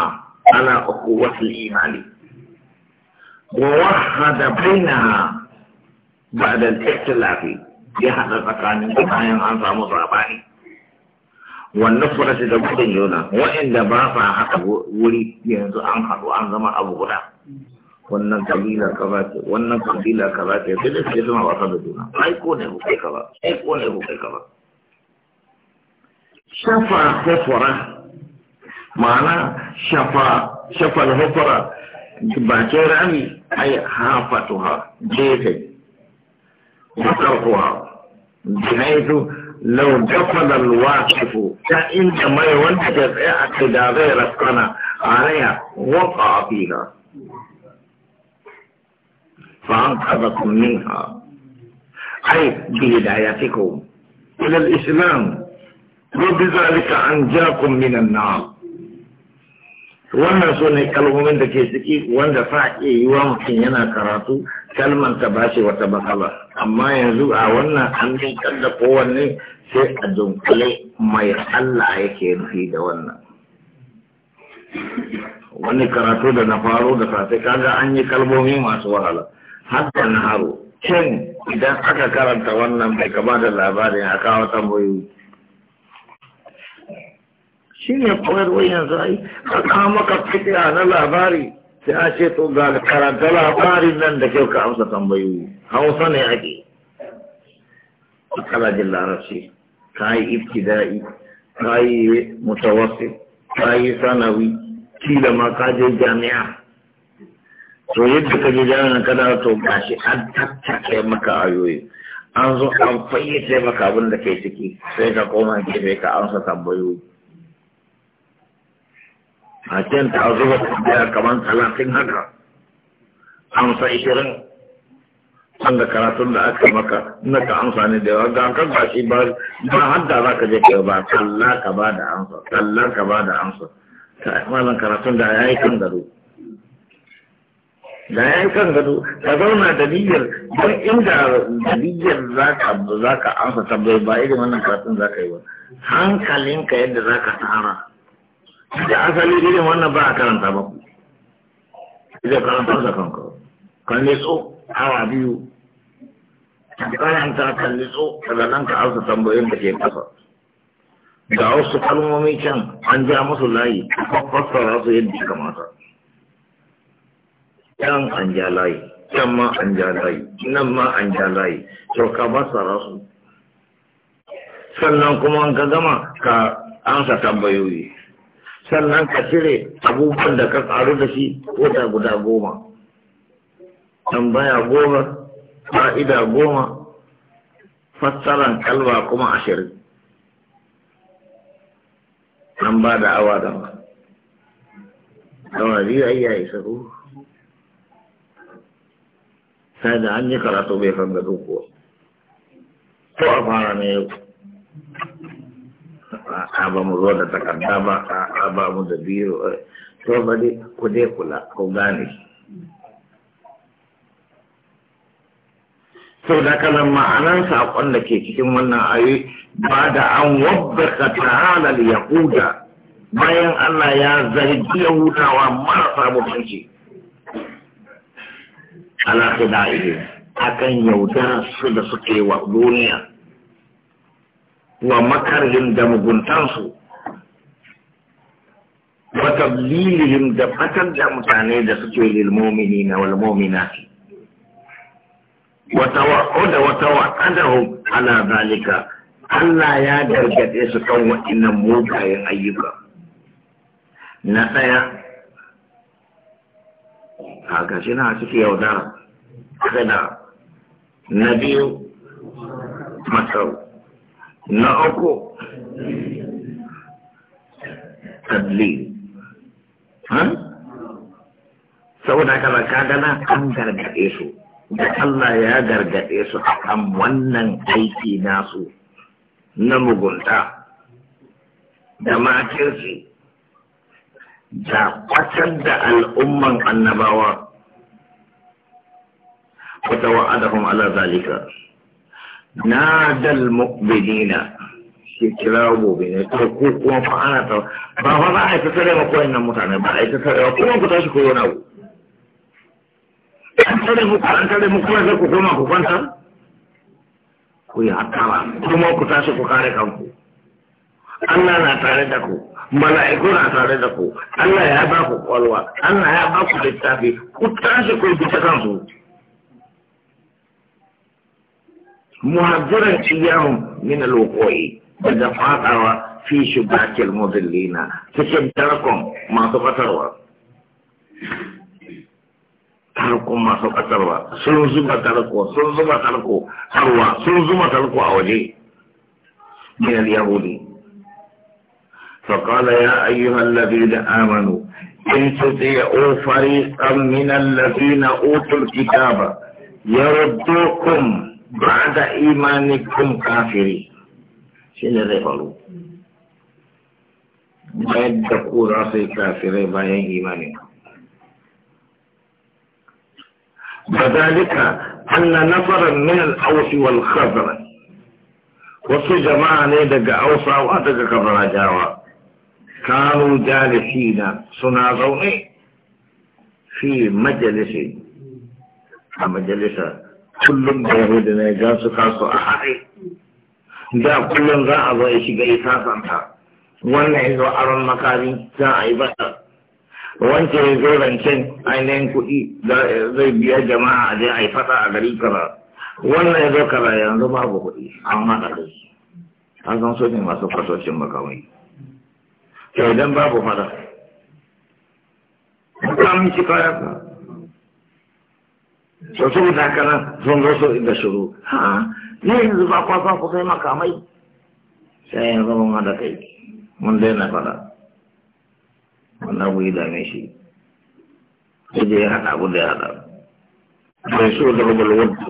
ala ukuwatul imani wa wahada bainaha ba'da al-ikhtilafi ya hada tsakanin bayan an samu sabani wannan farasi da gudun yona wa'inda ba sa haka wuri yanzu an haɗu an zama abu guda wannan kabila kaza ce wannan kabila kaza ce sai da sai suna wasa da juna ai ko ne ku kai kaza ai ko ne ku kai kaza شفا حفرة معنى شفا شفا الحفرة باكير أي حافتها جيفي وطرقها بحيث لو جفل الواقف كأن ما يوجد اعتداء رفقنا عليها وقع فيها فأنقذكم منها أي بهدايتكم إلى الإسلام an أنجاكم minan na wannan so ne kalmomin da ke ciki wanda fa iya yi wa mutum yana karatu kalman ta ba shi wata matsala amma yanzu a wannan an yi da kowanne sai a dunkule mai Allah yake nufi da wannan wani karatu da na faro da safe kaga an yi kalmomi masu wahala har da na haro shin idan aka karanta wannan bai kama da labarin a kawo tambayoyi shi ne koyarwar yanzu ayi. a kama maka fitila na labari sai a ce to ga karanta labarin nan da kyau ka amsa tambayoyi hausa ne ake kalajin larabci ka yi ibtida'i ka yi mutawasi ka yi sanawi kila ma ka je jami'a to yadda ka je jami'a ka kada to gashi an tattake maka ayoyi an zo an fayyace maka abin da ke ciki sai ka koma gefe ka amsa tambayoyi a can ta zuba tambaya kamar talatin haka amsa ishirin an da karatun da aka maka na ka amsa ne da yawa ga kan ba shi ba ba hadda za ka je ka ba talla ka ba da amsa talla ka ba da amsa ta malam karatun da ya yi kan gado da ya yi kan gado ka zauna da niyyar don inda da niyyar za ka amsa tambayi ba irin wannan karatun za ka yi ba hankalinka yadda za ka tsara da asali irin wannan ba a karanta ba ku idan karanta da kanka kan nitso hawa biyu karanta kan nitso daga nan ka amsa tambayoyin da ke kasa ga wasu kalmomi can an ja musu layi kan fassara su yadda ya kamata can an ja layi can ma an ja layi nan ma an ja layi to ka fassara su sannan kuma an ka gama ka ansa tambayoyi sannan ka cire abubuwan da ka karu da shi ko guda goma tambaya goma fa'ida goma fassaran kalma kuma ashirin an ba da awa da ma kawai isa sai da an yi karatu bai san kuwa ko a fara ne yau a ba mu zo da takarda ba a ba mu da biyu eh, to ba dai ku dai kula ku gane sau da kalan ma'anan saƙon da ke cikin wannan ayi ba da an wabbaka ta'ala yahuda bayan Allah ya zargi yahudawa marasa mutunci ala khidaihi akan yaudar su da suke wa duniya wa makarhim da muguntansu wa tablilihim da fatar da mutane da suke lil na wal Wata wa tawaqqada wa ala zalika Allah ya dargade su kan waɗannan mugayen ayyuka na ɗaya a gashi na suke yaudara kada na biyu masau na uku tadlil hmm? saboda ka gana an gargaɗe su da Allah ya gargaɗe su a kan wannan aiki nasu na mugunta da makirci da kwatar da al'umman annabawa wata wa'adahun ala zalika نادى المؤمنين kirawo bai ne ko kuma fa ana ta ba fa ba a tattare ma ko innan mutane ba a tattare ma kuma ku tashi ko wani abu an tare mu an tare mu kuma sai ku koma ku kwanta ku yi hattara kuma ku tashi ku kare kanku Allah na tare da ku mala'iku na tare da ku Allah ya ba ku kwalwa Allah ya ba ku littafi ku tashi ku bi ta kansu muhajiran iyahum min alwuqi daga fadawa fi shubakil mudillina cikin tarkon masu fatarwa tarko masu ƙasarwa sun zuba tarko sun zuba tarko harwa sun zuba tarko a waje min al-yahudi فقال يا أيها الذين آمنوا إن تطيعوا فريقا من الذين أوتوا الكتاب يردوكم بعد إيمانكم كافرين شنو اللي فلو بعد تقول راسي كافرين بعد إيمانكم وذلك أن نفرا من الأوس والخزر wasu جماعة ندق أوسا وأدق daga جاوا كانوا جالسين suna zaune fi مجلس a آه، kullum da da na ga su kasu a haɗe da kullum za a zo ya shiga ya sasanta wannan ya zo aron makari za a yi bada wancan ya zo rancen ainihin kuɗi da zai biya jama'a a je a yi fata a gari kara wannan ya zo kara yanzu babu kuɗi an haɗa da shi an san so masu fasoshin makamai To idan babu fada ka amince kayan ka sau saboda haka nan sun zo so inda shiru ha ne yanzu ba kwa ku kai makamai sai yanzu mun haɗa kai mun daina fara wannan abu ya dame shi sai da ya haɗa abu da ya haɗa bai so da rubul wadda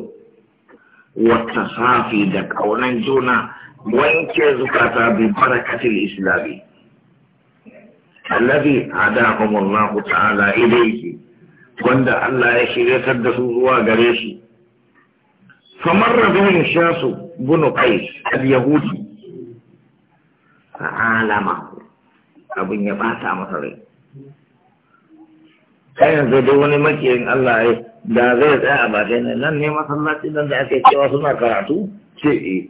wata safi da ƙaunan juna wanke zukata bi barakatil islami الذي هداهم الله تعالى إليه wanda Allah ya shiryatar da su zuwa gare shi famar rabin shasu bunu qais al-yahudi alama abin ya bata masa rai kai yanzu da wani makiyin Allah ya da zai tsaya a bakai ne nan ne masallaci nan da ake cewa suna karatu ce eh,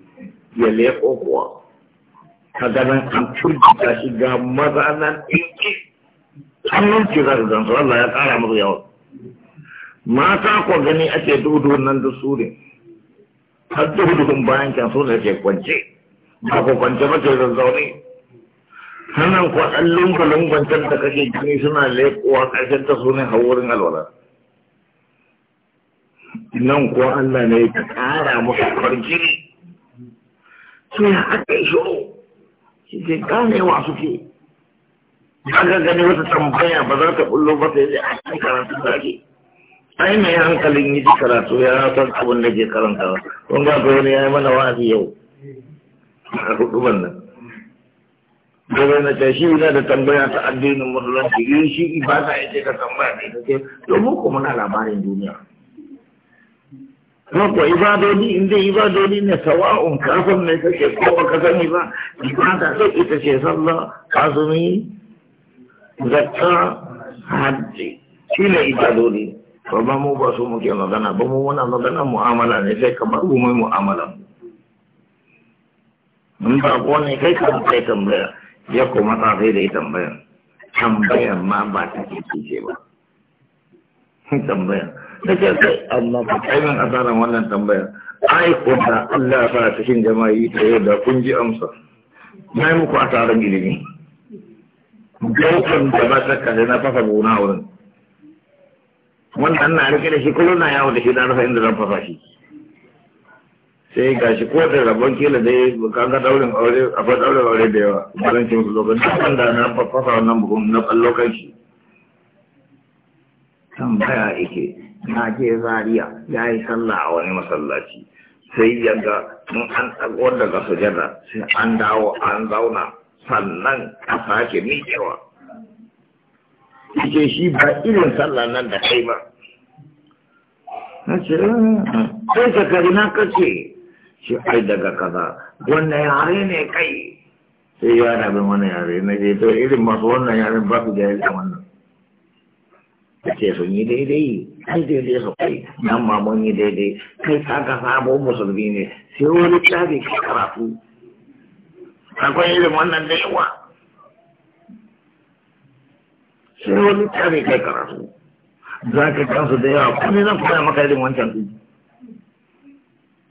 ya leko kuwa ka ganin an turjita shi ga maza nan ɗin an nan ce za su Allah ya kara musu yawa mata ko gani ake dudu nan da su ne har dudun bayan can su ne ke kwance ba ku kwance ba ke zazzaune sannan ko ɗan lungalun kwancen da kake gani suna lekuwa ƙarshen ta su ne hawurin alwala nan ko Allah ne ya ƙara musu kwarjini sai aka kai shiru shi ke ganewa suke ba ga gani wata tambaya ba za ta bullo ba sai dai a cikin karatu da ake ai mai hankalin yi karatu ya san abin da ke karanta kun ga ko ne yayi mana wa'azi yau a hudu wannan gobe na ta shi da tambaya ta addinin musulunci yi eh, shi ibada ya ce ka tambaya ne ta ce to mu ko muna labarin duniya kuma ko ibadodi in dai ibadodi ne sawa'un ka san me kake ko ka sani ba ibada sai ita ce sallah azumi zakka hajji shi ne ibadodi ba ba mu ba su muke magana ba mu muna magana mu'amala ne sai kamar bar mu mu'amala mun ba ko ne kai ka kai tambaya ya kuma ta sai da tambaya Tambaya ma ba ta ke ce ba tambaya da ke sai Allah ba kai min asaran wannan tambaya ai ko da Allah ya fara cikin jama'i ta yadda kun ji amsa na yi muku asaran ilimi Gaukan da ba ta kare na fasa gona wurin. wannan na rike da shi kullu na yawo da shi na rasa inda zan fasa shi sai ga shi ko da rabon kila dai kanga daurin aure akwai daurin aure da yawa balancin su lokacin kan da na fasa wannan bugun na tsallo kan shi tambaya yake na je zaria ya yi sallah a wani masallaci sai ya ga an tsago daga sujada sai an dawo an zauna sannan a sake miƙewa yake shi ba irin sallah nan da kai ba na ce eh, sai ka kari na kace shi ai daga kaza wannan yare ne kai sai ya na bin wannan yare na je to irin masu wannan yare ba su jari da wannan ta ce sun yi daidai ai daidai su kai nan ma mun yi daidai kai ta ga sabon musulmi ne sai wani tabi ka karatu akwai irin wannan da yawa sai wani tsari kai karatu za ka kansu da yawa kuma zan koya maka irin wancan tuji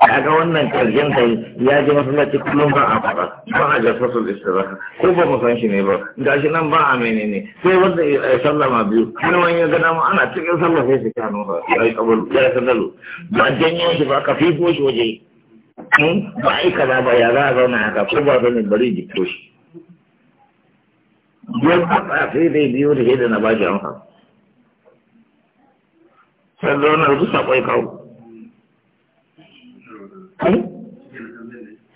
kaga wannan karshen ta ya ji masallaci kullum ba a fara ba a da istiraha ko ba mu san shi ne ba gashi nan ba a menene sai wanda ya sallama biyu har wani ya gana mu ana cikin sallah sai su kano ba ya yi kabul ya sallalu ba janyo shi ba ka fifo shi waje hmm? ba a'ika yi ba ya za a zauna haka ko ba zan bari jikto shi ya matsa sai zai biyu da yadda na bashi amsa sai na rufu kwai kawo kai eh?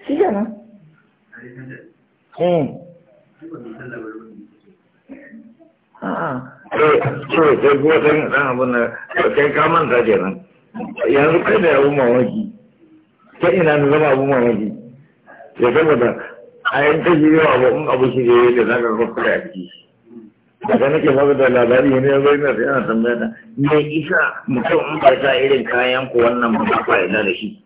shi gana hmm. a'a eh, sai ko san dan abun nan kai ka manta kenan yanzu kai da mamaki kai ina zama abun mamaki ya a yin ta shi yawa ba in abu shi ne da za ka kwafi da aiki daga nake ba da labari wani ya zai na da yana tambaya da me isa mutum in ba sa irin kayan ku wannan ba ba fa'ida da shi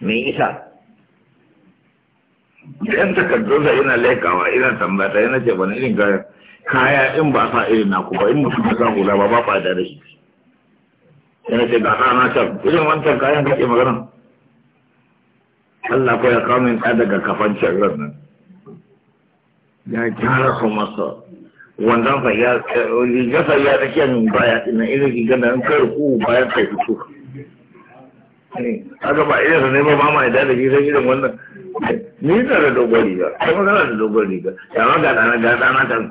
me isa yan takardun takardunsa ina laikawa ina tambaya ta yana ce wani irin kayan kaya in ba sa irin naku ba in mutum ba sa hula ba ba fa'ida da shi yana ce ga na can irin wancan kayan kake magana Allah ko ya kawo min daga kafan shagar nan ya gyara su masa wannan fa ya gasa ya da kyan baya ina ina ki gana in kar ku bayan ta fito aka ba ina sa ne ba ma mai da shi sai irin wannan ni da dogon riga kuma da dogon riga ya da na ga dana kan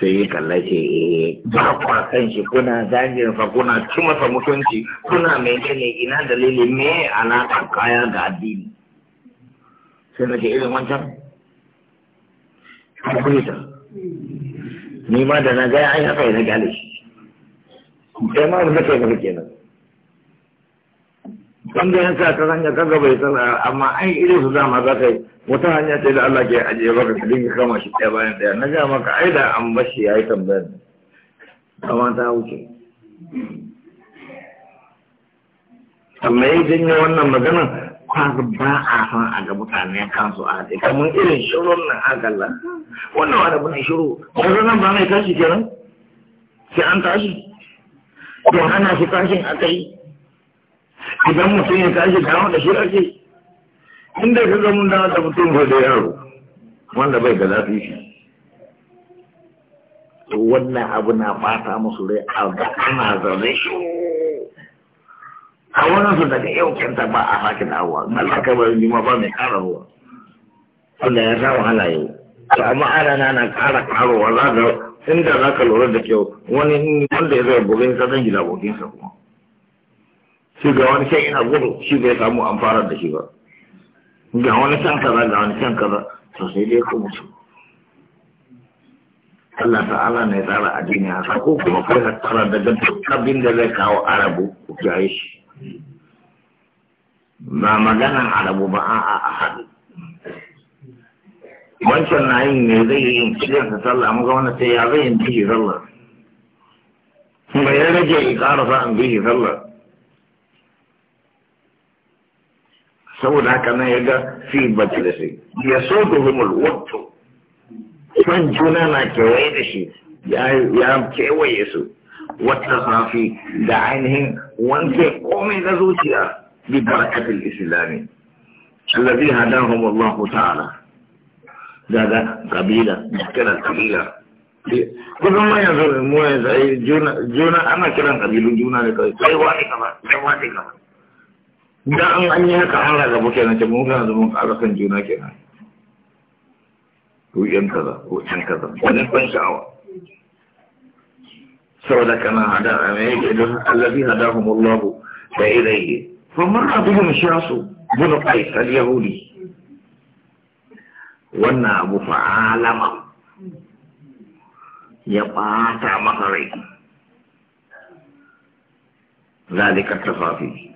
sai ya kalla ce eh, ba kwa san shi kuna zagin fa kuna ci masa mutunci kuna gane ina dalili me alaƙar kaya ga addini sai na ke irin wancan kuita ni ma da na ga ai haka ya gyale shi sai ma da kake maka kenan wanda ya sa ka hanya kaga bai sana amma an irin su dama za ka yi wata hanya ce da Allah ke ajiye baka ka dinga kama shi ɗaya bayan ɗaya na ga maka ai da an bashi ya yi tambayar amma ta wuce amma ya janyo wannan maganan kwazo ba a san a ga mutane kansu a haɗe kamar irin shirun nan agalla. wannan wani ne shiru yanzu nan ba mai tashi kenan sai an tashi ko ana shi tashin a kai. idan mutum ya tashi da da shi ake inda ka ga mun da mutum ko da yaro wanda bai da zafi shi wannan abu na fata musu rai a ga ana zaune shi a wannan su daga yau kenta ba a da awa Allah kai bari ma ba mai kara ruwa Wanda ya sa wahala yau to amma ana na na kara karowa za ga inda za ka lura da kyau wani wanda ya zai bugin sa zan gida bugun sa kuma shi ga wani can ina gudu shi bai samu an fara da shi ba ga wani can kaza ga wani can kaza to sai dai ku mutu Allah ta'ala ne tsara addini a ko kuma kai tsara da duk abin da zai kawo arabu ku kiyaye shi ba maganan arabu ba a'a a haɗu wancan na yin ne zai yi yin cikin sa sallah muka wani sai ya zai yin bishi sallah ba ya rage ya ƙara sa an bishi sallah saboda haka nan ya ga fi majalisi ya so duhumul wato son juna na kewaye da shi ya kewaye su wata safi da ainihin wanke komai na zuciya bi barakatul islami allazi hadahum Allah ta'ala daga kabila da kiran kabila kusan ma yanzu mu yanzu eh, juna ana kiran kabilun juna ne kawai kai wani kama kai wani kama da an an yi haka an ragaba kenan ce mun gana zumun ƙara kan juna kenan ko yan kaza ko yan kaza wani ban sha'awa da kana hada a mai yake don allazi hadahumullahu da ilayhi فمر بهم شاس بن قيس اليهودي وانا ابو فعالم يبقى مصري ذلك التفافي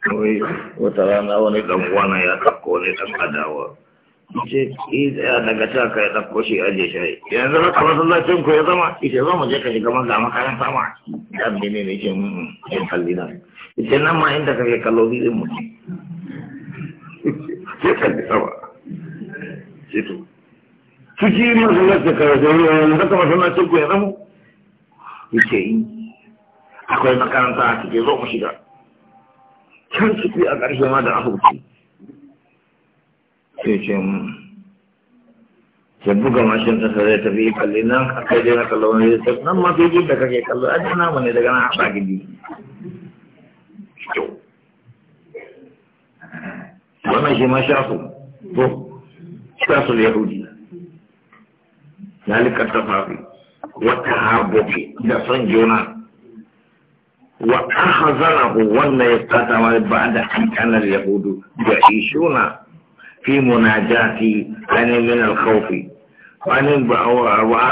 kawai wata rana wani dan wana ya ɗauko wani dan adawa ce ki eh, tsaya daga ta ka ya ɗauko shi aje shi yanzu na kamar sallacin ku ya zama ita zama je ka shiga maza makaranta ma dan ne ne ce mun mm, yin mm, kalli na ita nan ma inda ke kallo bilin mu ce (laughs) kalli sama ce to su ji masallacin ka yanzu kamar sallacin ku ya zama ce yi eh, akwai makaranta a cikin zo mu shiga can ciki a ƙarshe ma da ahuci sai ce mu hmm, ya buga mashin ɗansa ta fi kalli nan a kai dai na kallo wani zai tafi nan mafi yi da kake kallo a jana mu ne daga nan a gidi wannan shi ma shafu ko shafu yahudi zalikar tafafi wata ke. da son juna wa ahzanahu wannan ya fata ma ba da hankalar yahudu ya ishuna fi munajati ani min al-khawf ani ba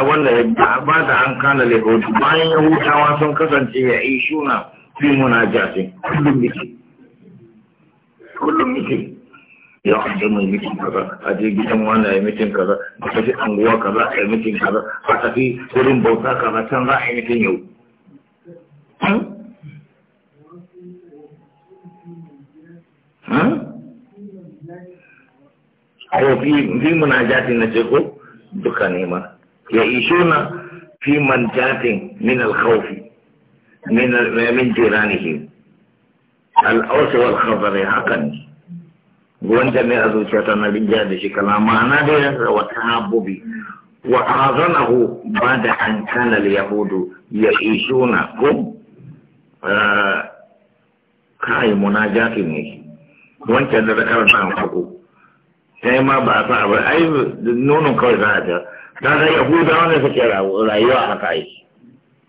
wanda ya ba da hankalar yahudu bayan yahudawa sun kasance ya ishuna fi munajati kullum miki kullum miki ya aje mai mitin kaza a je gidan wanda ya mitin kaza a tafi anguwa kaza a yi mitin kaza a tafi wurin bauta kaza can za a yi mitin yau hmm? ها أيوة في في مناجات نجيكو دكانيما يعيشون في منجات من الخوف من من جيرانهم الأوس والخضر حقا وانت من أزوجة النبي جاد شكلا معنا ده وتعببي وأعظمه بعد أن كان اليهود يعيشون كم آه كاي مناجات منه wancan da zakar sa hagu sai ma ba a sa ba ai nonon kawai za a ta ta ga yahudawa ne suke rayuwa a haka yi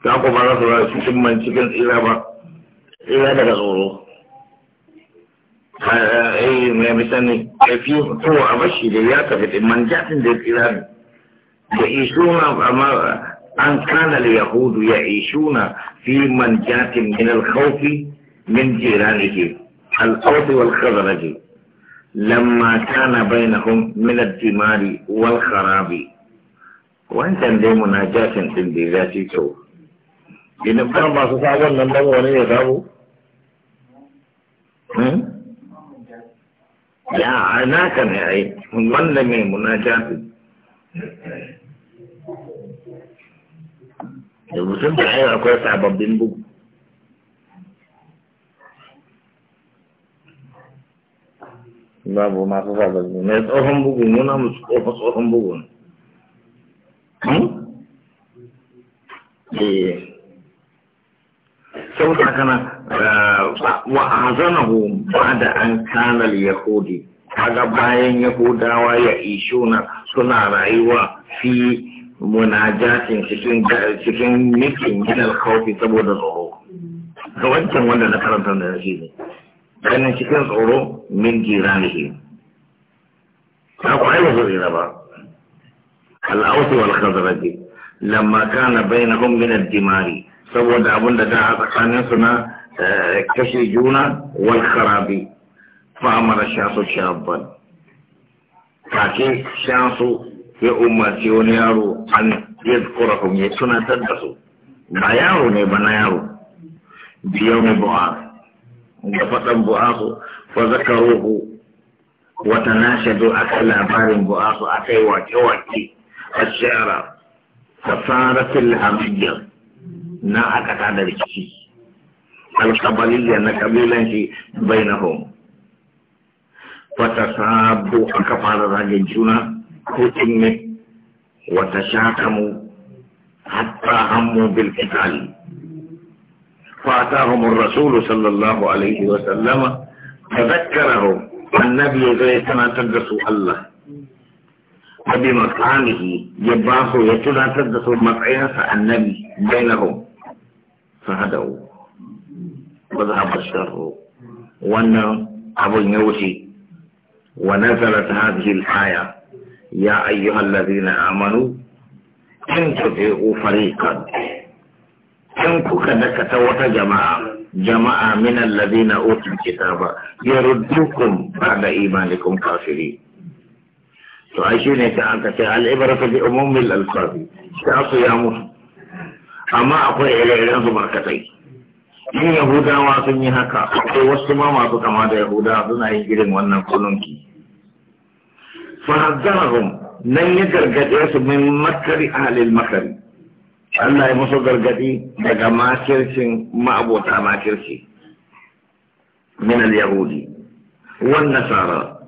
ta kuma za su rayu cikin man cikin tsira ba tsira daga tsoro ai mai misali tafi kowa a bashi da ya tafi din man jatin da tsira ne da isuna amma an kana al yahudu ya isuna fi man jatin min al khawfi min jiranihi الأوس والخزرج لما كان بينهم من الدمار والخراب وانت دي مناجاة دي ذاتي تو إن كان ما سفاعون من دمو ولي يغابو لا أنا كان أي من لم مناجاة da mutum da ayyar akwai sababbin bugu babu masu sababbi ne tsohon bugu muna musu kofa tsohon bugun hmm? eh. saboda haka na eh, wa ba da an kanal yahudi kaga bayan yahudawa ya ishuna suna rayuwa fi munajatin cikin cikin mikin gidan kawfi saboda tsoro ga wancan wanda na karanta da shi ne ganin cikin tsoro min jiranihi ta ku ai wasu tsira ba al'ausu wal khazraji lamma kana bainahum min ad-dimari saboda abin da da tsakanin su na kashe juna wal kharabi fa amara shasu shabban take shasu ya umarci wani yaro an yadkurahum ya tunatar da su ba yaro ne ba na yaro biyau ne bu'ar da faɗan bu'asu fa zakaruhu wa tanashadu aka labarin bu'asu aka yi wake-wake a shara fasaratul hamiyya na aka da rikici alkabaliyya na kabilanci bainahum fatasabu aka fara zagin juna ko ne wata shakamu hatta hammu bil qitali فأتاهم الرسول صلى الله عليه وسلم فذكرهم النبي زي سنة تدرسوا الله وبمطعمه جباه يتنا تدسوا مطعيها النبي بينهم فهدوا وذهب الشر وأن أبو النوسي ونزلت هذه الآية يا أيها الذين آمنوا إن تطيعوا فريقا in kuka dakata wata jama'a jama'a min alladhina utul kitaba yaruddukum ba'da imanikum kafirin to ai shine ta aka ce al'ibrata bi umumil alfaz ta su ya mutu amma akwai ire-iren su barkatai yin yahudawa sun yi haka akwai wasu ma masu kama da yahudawa suna yin irin wannan kulunki fa hazzarahum nan ya gargaɗe su min makari ahlil makari Allah ya musu gargadi daga makircin ma'abota makirci min al-yahudi wan nasara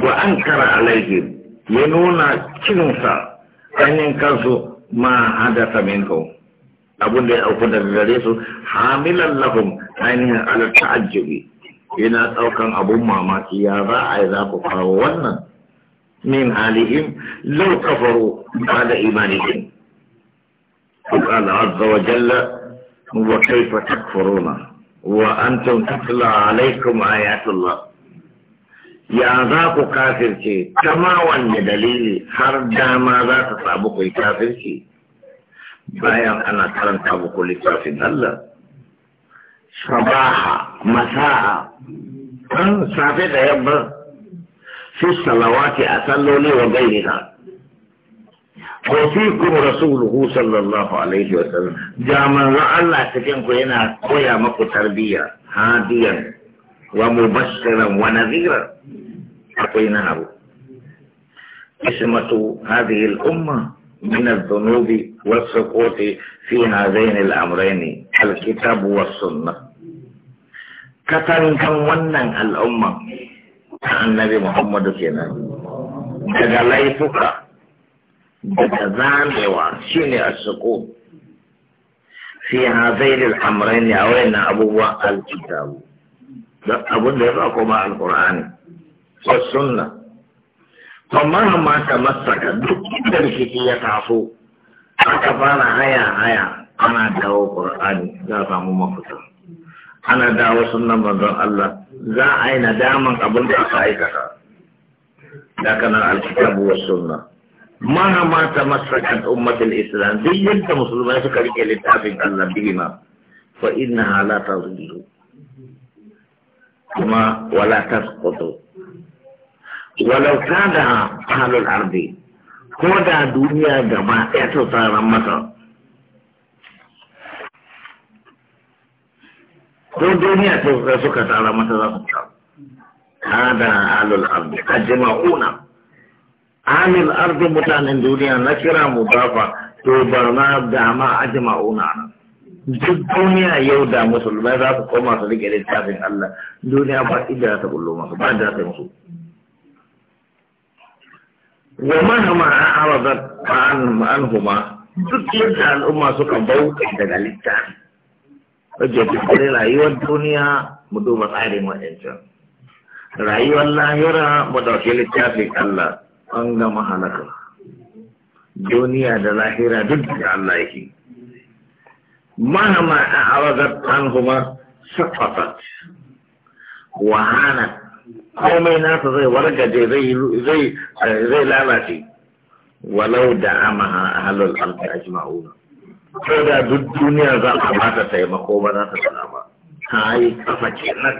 wa ankara alaihim ya nuna kinsa ɗanyen kansu ma hadasa minhu abun da ya auku daga gare su hamilan lahum ainihin ala ta'ajjubi yana ɗaukan abun mamaki ya za a yi za ku kawo wannan min halihim lau kafaru ba da imanihim قال عز وجل وكيف تكفرون وأنتم تطلع عليكم آيات الله يا ذاك كافر شيء كما وان دليل هر دام ذاك صابق الكافر شيء بايا أنا ترى صابق الكافر الله صباحا مساء أه، صافي ده في الصلوات لي وغيرها وفيكم رسوله صلى الله عليه وسلم جامع الله سكن قينا قيا مكو تربية هاديا ومبشرا ونذيرا أقوين أبو اسمة هذه الأمة من الذنوب والسقوط في هذين الأمرين الكتاب والسنة كتن كان ونن الأمة النبي محمد كنا daga daga zamewa shi ne a suko fi hazainil amrai ne a wayannan abubuwan alkitabu don abin da ya ba kuma alkur'ani ko sunna amma ma ta masaka duk da rikici ya taso aka fara haya haya ana dawo qur'ani za a samu mafita ana dawo sunnan manzon Allah za a yi nadaman abin da aka aikata da alkitabu wa sunna مهما تمسكت أمة الإسلام في جلد مسلمين سكرك لتعفق الله بهما فإنها لا تضل كما ولا تسقط ولو كان أهل الأرض كودا دنيا جماعة تصار مصر ko دنيا ta suka tsara هذا أهل الأرض hada عن الأرض متعن دنيا نكرة مضافة تبرنا دعما أجمعون عنه duk duniya yau da musulmai za su koma su rike littafin Allah duniya ba inda ta bullo masu ba da ta musu wa mahama a'aradat an anhuma duk yadda al'umma suka bauta daga littafi wajen cikin rayuwar duniya mu duba tsarin wa'ancan rayuwar lahira mu dauki littafin Allah an gama halaka duniya da lahira duk da Allah yake mahama a awagar an kuma sakwatat wahana komai nasa zai wargaje zai eh, zai lalace walau da amaha ahalul ardi ajma'una ko da duk duniya za a ba ta taimako ba za ta tsara ba ta yi kafa kenan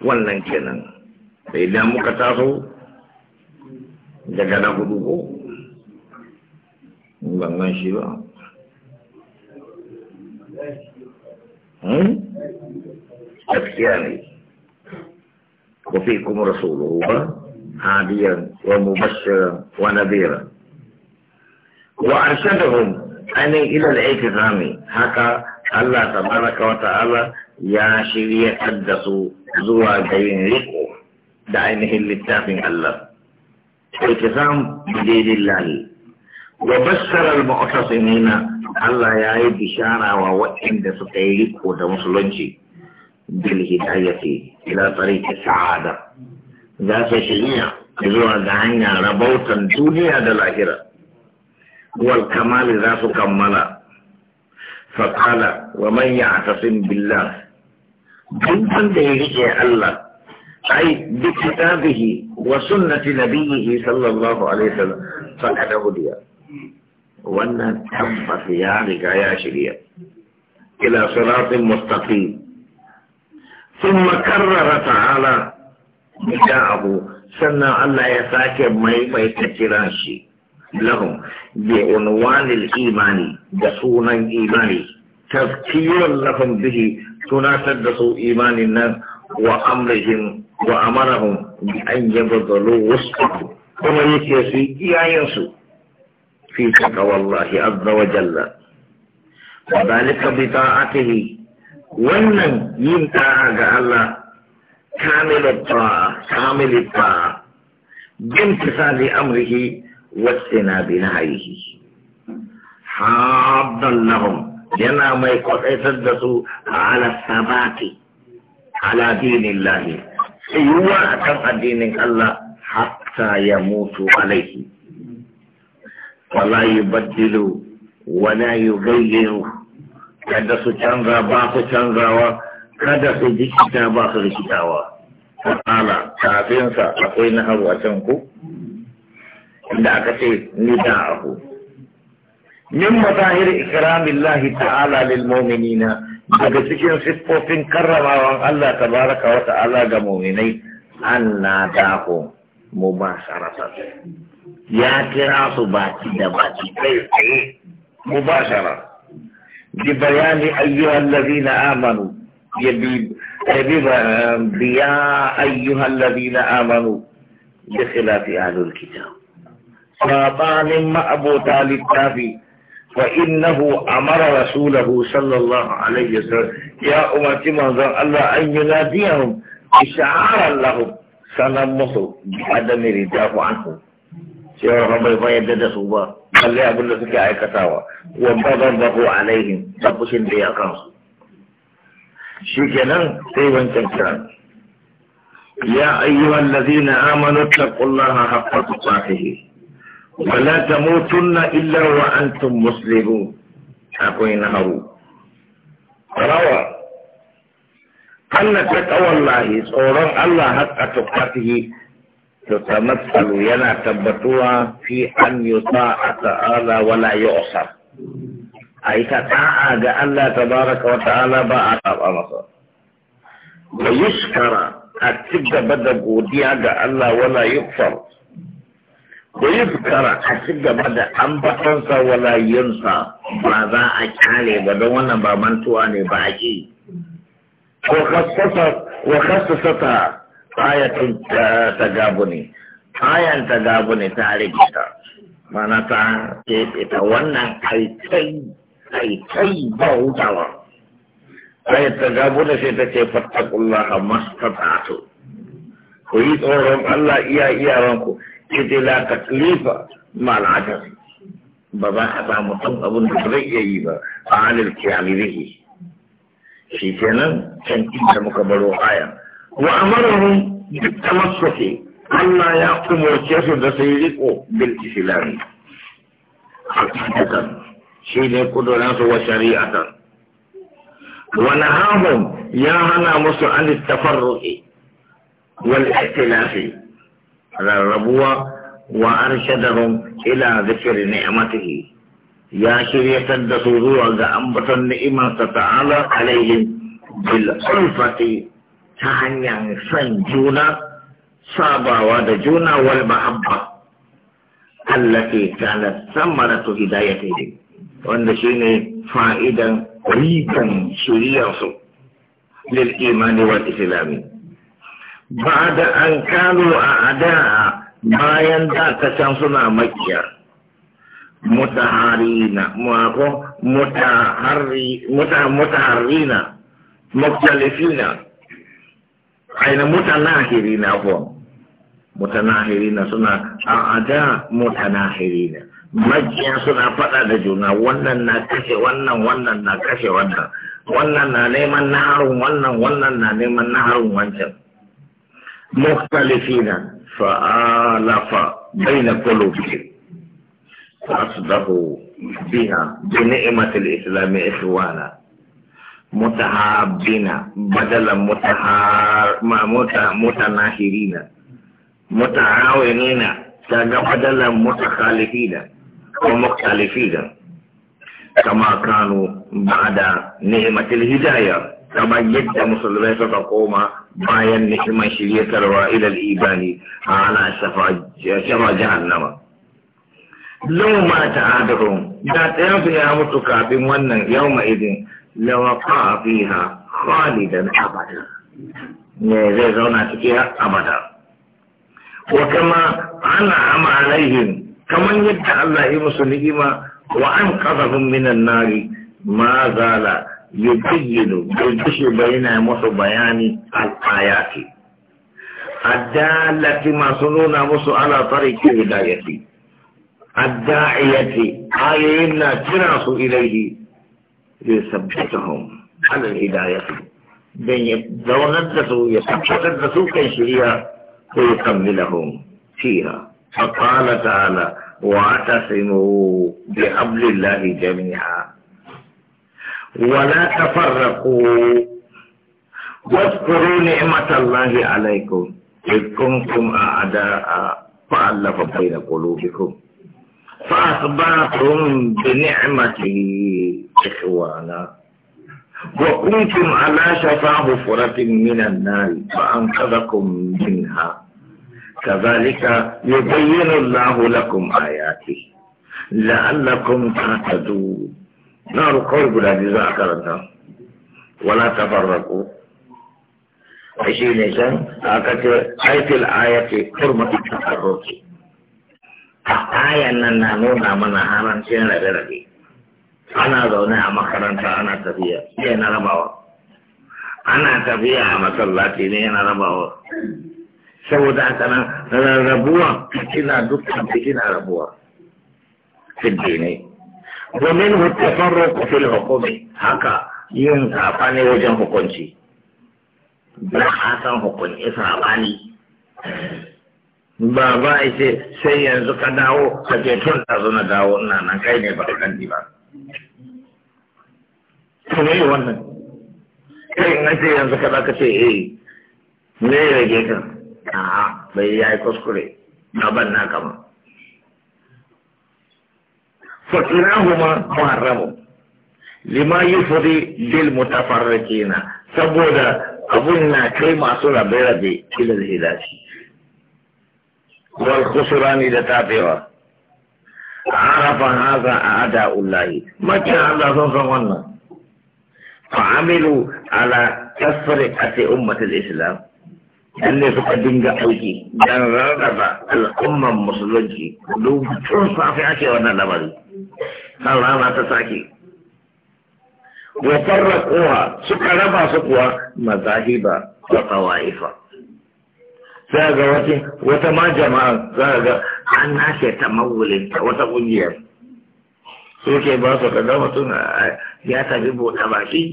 wannan kenan idan muka taso jaga na hudu ko ban gan shi ba gaskiya ne ku fi hadiyan wa mubashiran wa nabira wa arshadahum ainihin ilal aikizami haka Allah tabarak wa ta'ala ya shirya da su zuwa ga yin riko da ainihin littafin Allah التزام بدين الله وبشر المعتصمين الله يا بشارة وإن سكيرك ودمسلنشي بالهداية إلى طريق السعادة ذات شريعة zuwa ga hanya rabautan duniya da lahira wal kamali za su kammala faƙala wa man ya billa? billah duk wanda ya riƙe Allah أي بكتابه وسنة نبيه صلى الله عليه وسلم فقد هدي وأن تنفت يا يا شريع إلى صراط مستقيم ثم كرر تعالى نداءه سنة الله يساك ميمي تكراشي لهم بعنوان الإيمان بسونا إيماني تذكير لهم به تناسد سوء إيمان الناس وأمرهم وأمرهم بأن يبذلوا وسطهم كما يكفي جيانس في تقوى الله عز وجل وذلك بطاعته وأن من تاعك الله كامل الطاعة كامل الطاعة بامتثال أمره واجتناب نهيه حابا لهم جنا ما يقول على الثبات على دين الله tsayuwa a kan addinin Allah hatta ya mutu alaihi wala yubaddilu wala yughayyiru kada su canza ba su canzawa kada su jikita ba su rikitawa ta'ala kafinsa akwai na haru a can ku inda aka ce ni da aku min mazahir ikramillahi ta'ala lil mu'minina daga cikin siffofin karramawan Allah ta baraka wa ta'ala ga muminai an na daho mu ba ya kira su baki da baki kai tsaye mu ba shara bi bayani ayyuhan ladina amanu yabi biya ayyuhan ladina amanu bi khilafi ahlul kitab sabanin ma'abota littafi فإنه أمر رسوله صلى الله عليه وسلم يا أمتي منظر الله أن يناديهم إشعارا لهم سنمصوا بعدم رداه عنه سيرا ربي فيدد صوبا بل يا أبو لك أي كتاوى وانتظره عليهم تبسن بي أقنصوا شكرا سيبا تنكرا يا أيها الذين آمنوا اتقوا الله حق تقاته ولا تموتن إلا وأنتم مسلمون أقوي نهرو روى أن تقوى الله صورا الله حق تقاته تتمثل ينا تبتوها في أن يطاع تعالى ولا يعصى أي تطاع الله تبارك وتعالى باعها مصر ويشكر أتبقى بدأ جاء الله ولا يغفر yadda a ci gaba da ambatansa wala yansa ba za a kyale ba don wannan ba mantuwa ne ba ake wa kasa ta ayatun ta gabu ne ayan ta gabu ne ta arabita mana ta keɓe ta wannan kaitai kaitai ba hutawa ayat ta gabu ne sai ta ce fattakullaha mastata to ku yi tsoron Allah iya iyawanku إذا تكليف مع العجز بابا أبا مطم أبو نفري يبا عن به شيكنا كان كنت مكبروا آية وأمرهم بالتمسك ألا يقوم الشيخ بسيرك بالإسلام حقيقة وشريعة ونهاهم يا هنا مصر عن التفرق والاختلاف rarrabuwa wa arshadahum ila zikri ni'matihi ya shiryatar da su zuwa ga ambaton ni'imarsa ta'ala alaihim bil ulfati ta hanyar san juna sabawa da juna wal mahabba allati kanat samaratu hidayatihi wanda shine fa'idan rikan shiriyarsu lil imani wal islami ba da an kano a adana bayan da ka can suna makiya mutaharina makyalifina aina mutanahirina ko mutanahirina suna a ada mutanahirina majiya suna fada da juna wannan na kashe wannan wannan na kashe wannan wannan na neman na naharun wannan wannan na neman na naharun wancan مختلفين فآلف بين قلوبهم فأصبحوا بها بنعمة الإسلام إخوانا متحابين بدلا متناهرين متعاونين بدلا متخالفين ومختلفين كما كانوا بعد نعمة الهداية كما يد مسلمين ستقوم bayan ni'imar shiryatarwa ilal ibani ana shafa jahannama lau ma ta'adarun da ɗayansu ya mutu kafin wannan yau ma idin lawaka fiha khalidan abada ne zai zauna cikin abada wa kama ana ama alaihin kamar yadda Allah yi musu ni'ima wa an qadahum minan nari ma zala يبين بالبشر بين مصر بيان الآيات الدالة ما صنونا مصر على طريق الهداية الداعية آيين تراس إليه ليثبتهم على الهداية بين دون الدسو يثبت الدسو كي شريها ويكملهم فيها فقال تعالى واعتصموا بحبل الله جميعا ولا تفرقوا واذكروا نعمة الله عليكم إذ كنتم أعداء فألف بين قلوبكم فأصبحتم بنعمته إخوانا وكنتم على شفا حفرة من النار فأنقذكم منها كذلك يبين الله لكم آياته لعلكم تهتدون na rukawar guda biyu za a karanta wala tafarraku a shi ne can aka ce haifil ayati hurmatu tafarruki a ayan nan na nuna mana harancin rabe-rabe ana zaune a makaranta ana tafiya yana rabawa ana tafiya a masallaci ne yana rabawa saboda haka nan rarrabuwa fitina dukkan fitina rabuwa fiddi ne ومنه التفرق في الحكم هكا yin saɓani wajen hukunci ba a san hukunci saɓani ba ba a ce sai yanzu ka dawo ka ce tun da na dawo ina nan kai ne ba ka ba to ne wannan kai in ce yanzu ka ka ce eh me ya rage ka a'a bai yayi kuskure na ban na kama فكلاهما محرم لما يفضي للمتفرقين سبودا أبونا كيما أصول بلدي إلى الهلاك والخسران لتابعه عرف هذا أعداء الله ما كان الله سبحانه فعملوا على تفرقة أمة الإسلام lalle suka dinga aiki don rarraba al'umman musulunci tun safi ake wannan lamari kan rana ta sake wa farraquha suka raba su kuwa mazahiba da tawaifa sai ga wata wata ma jama'a za ga an nace ta ta wata kungiyar ke ba su gama mutum ya tafi buɗe baki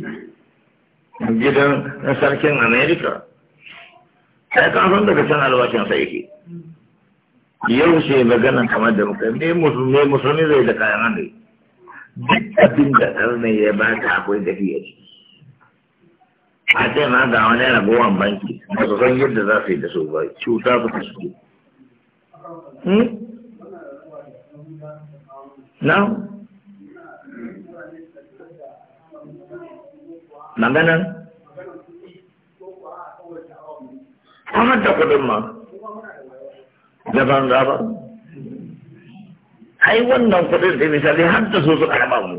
gidan sarkin Amerika. sai kan san daga can albashin sa yake yau ce maganan kamar da muka ne musulmi musulmi zai da kayan hannu duk abin da karne ya ba ta akwai fiye ciki a ce na ga wani ragowar banki ba su san yadda za su yi da su ba cuta su ta suke hmm? na maganan har da kudin ma da banza ba ai wannan kudin da misali har da su su karba mu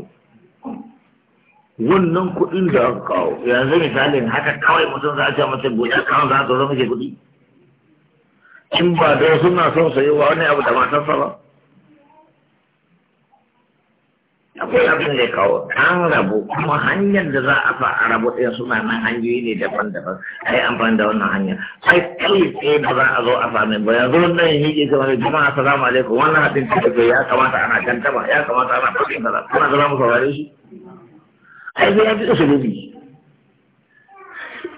wannan kudin da aka kawo yanzu misalin haka kawai mutum za a ce mutum buɗe kawai za a zo muke kudi in ba da suna son sayewa wani abu da matan sa ba akwai abin da ya kawo an rabu kuma hanyar da za a fa a rabu ɗaya suna nan hanyoyi ne daban-daban a yi amfani da wannan hanyar ai kai tsaye ba za a zo a sami ba yanzu wannan yi ke kamar jama'a assalamu alaikum wannan haɗin tafiya ya kamata ana taba ya kamata ana da kaza kuna zama mu saurare shi ai zai ya fi usulubi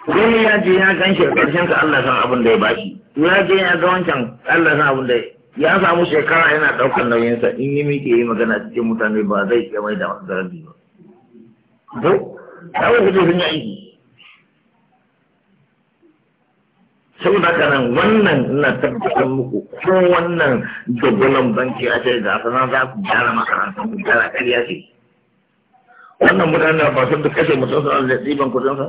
wani ya je ya gan shi a ƙarshen ka Allah san abin da ya bashi ya je ya ga wancan Allah san abin da ya ya samu shekara yana ɗaukar nauyinsa in yi miƙe yi magana cikin mutane ba zai iya mai da zarafi ba. Ko, ta wani kudu sun yi aiki. Saboda haka nan wannan ina tabbatar muku ko wannan dogonan banki a ce gasa na za ku gyara makarantar ku gyara ƙarya ce. Wannan mutane na ba sun kashe mutum suna da ɗiban kuɗinsa?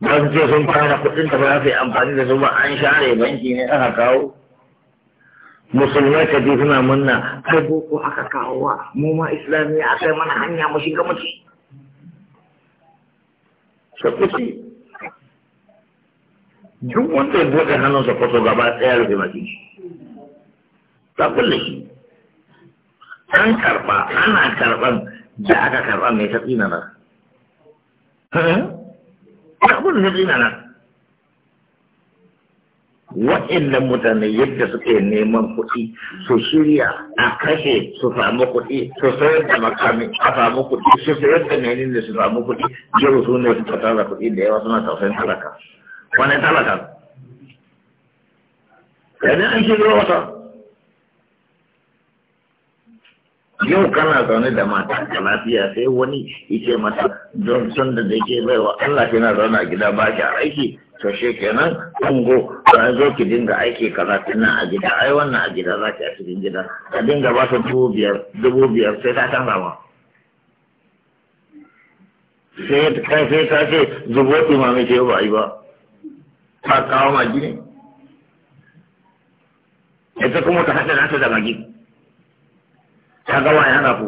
Ba su ce sun fara kuɗin da ba za su yi amfani da su ba an share banki ne aka kawo. musulmai ka je suna munna kai boko aka kawo wa mu ma islamiyya a kai mana hanya mu shiga mu ci sakuci duk wanda ya bude hannun sa kwaso gaba ɗaya rufe mace ta kulle shi an karɓa ana karɓan da aka karɓa mai tafi tsina nan ta kulle ta tsina nan waɗannan mutane yadda suke neman kuɗi su shirya a kashe su samu kuɗi su sayar da makami a samu kuɗi su sayar da menin da su samu kuɗi yau su ne suka tara kuɗi da yawa suna tausayin talaka wani talaka yanzu an shirya wata yau kana zaune da mata ka lafiya sai wani ike mata don son da da ke baiwa Allah na zaune a gida ba shi a aiki to shi kenan go an zo ki dinga aiki kaza tana a gida ai wannan a gida za ki a cikin gida ka dinga ba su dubu biyar dubu biyar sai ta canza ma sai kai sai ta ce zubo imami ce ba yi ba ta kawo gini. Ya ita kuma ta haɗa nata da magi ta gawa ya nafu.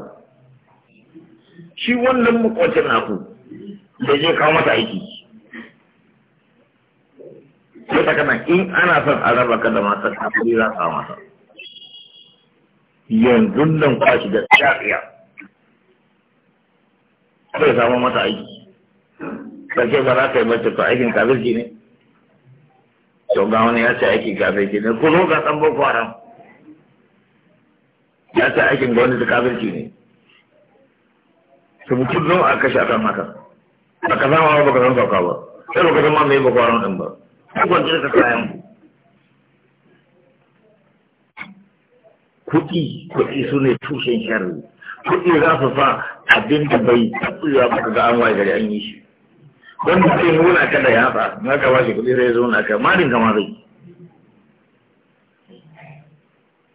shi wannan makwacin nafu. da je kawo mata aiki sai ka kana in ana son a raba ka da masa kafiri za ka masa yanzu nan ba shi da tsariya sai samu mata aiki sarki ba za ka yi mace ko aikin kafirci ne to ga wani ya ce aikin kafirci ne ku zo ka san boko haram ya ce aikin gwamnati kafirci ne su mutum zo a kashe akan haka ba ka zama ba ka san sauka ba sai ba ka zama mai boko haram din ba kuɗi kuɗi su ne tushen sharri kuɗi za su sa abin da bai taɓuwa ba ga an waye gari an yi shi wanda ke nuna ka da yatsa na ka bashi kuɗi sai zo na ka marin kama zai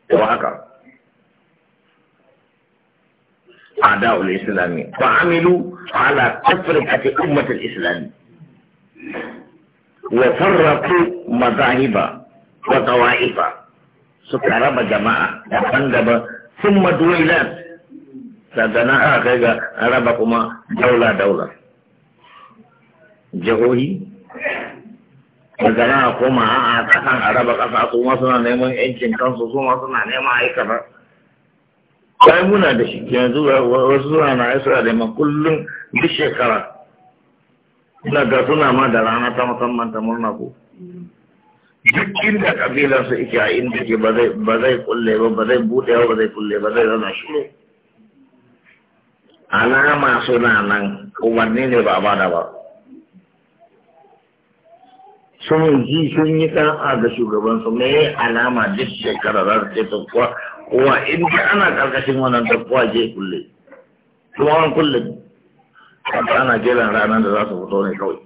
wa haka ada ul islami fa amilu ala tafriqati ummatil islami mazahiba wa tawaifa suka raba jama'a daban-daban sun maduwilan sannan aka kai ga raba kuma daula-daula jihohi daga nan a koma a kasan araba raba kasa su ma suna neman yancin kansu su ma suna neman aikata kai muna da shi yanzu wasu suna na da neman kullum duk shekara ina ga suna ma da rana ta musamman ta murna ko duk inda kabilar su ike a inda ke ba zai kulle ba ba zai buɗe ba Ba zai kulle ba zai zana shi ne alama suna nan kowanne ne ba ba da ba sun ji sun yi ɗan'a ga shugabansu mai alama duk shekara za su ce ta kuwa inda ana ƙarƙashin wannan ta kuwa je kulle kuma an kulle ana jiran ranar da za su fito ne kawai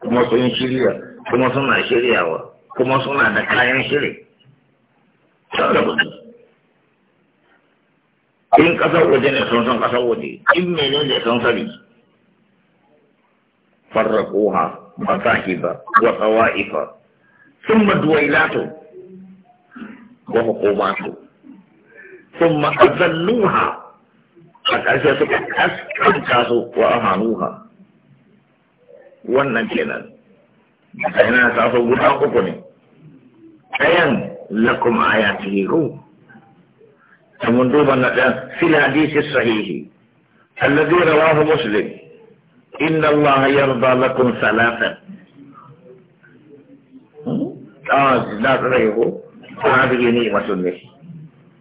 kuma sun shirya kuma suna shiryawa kuma suna da kayan shiri in kasar waje ne sun san kasar waje in mene ne sun sani farraquha masahiba wa tawaifa thumma duwailatu wa hukumatu thumma azalluha قد أجدوا أسكتوا وأهانوها وننجينا بأينا سأفو بطاقكم أين لكم آياته هو فمندوبا نتعلم في الحديث الصحيح الذي رواه مسلم إن الله يرضى لكم ثلاثا آج لا تريه هذه نعمة النسي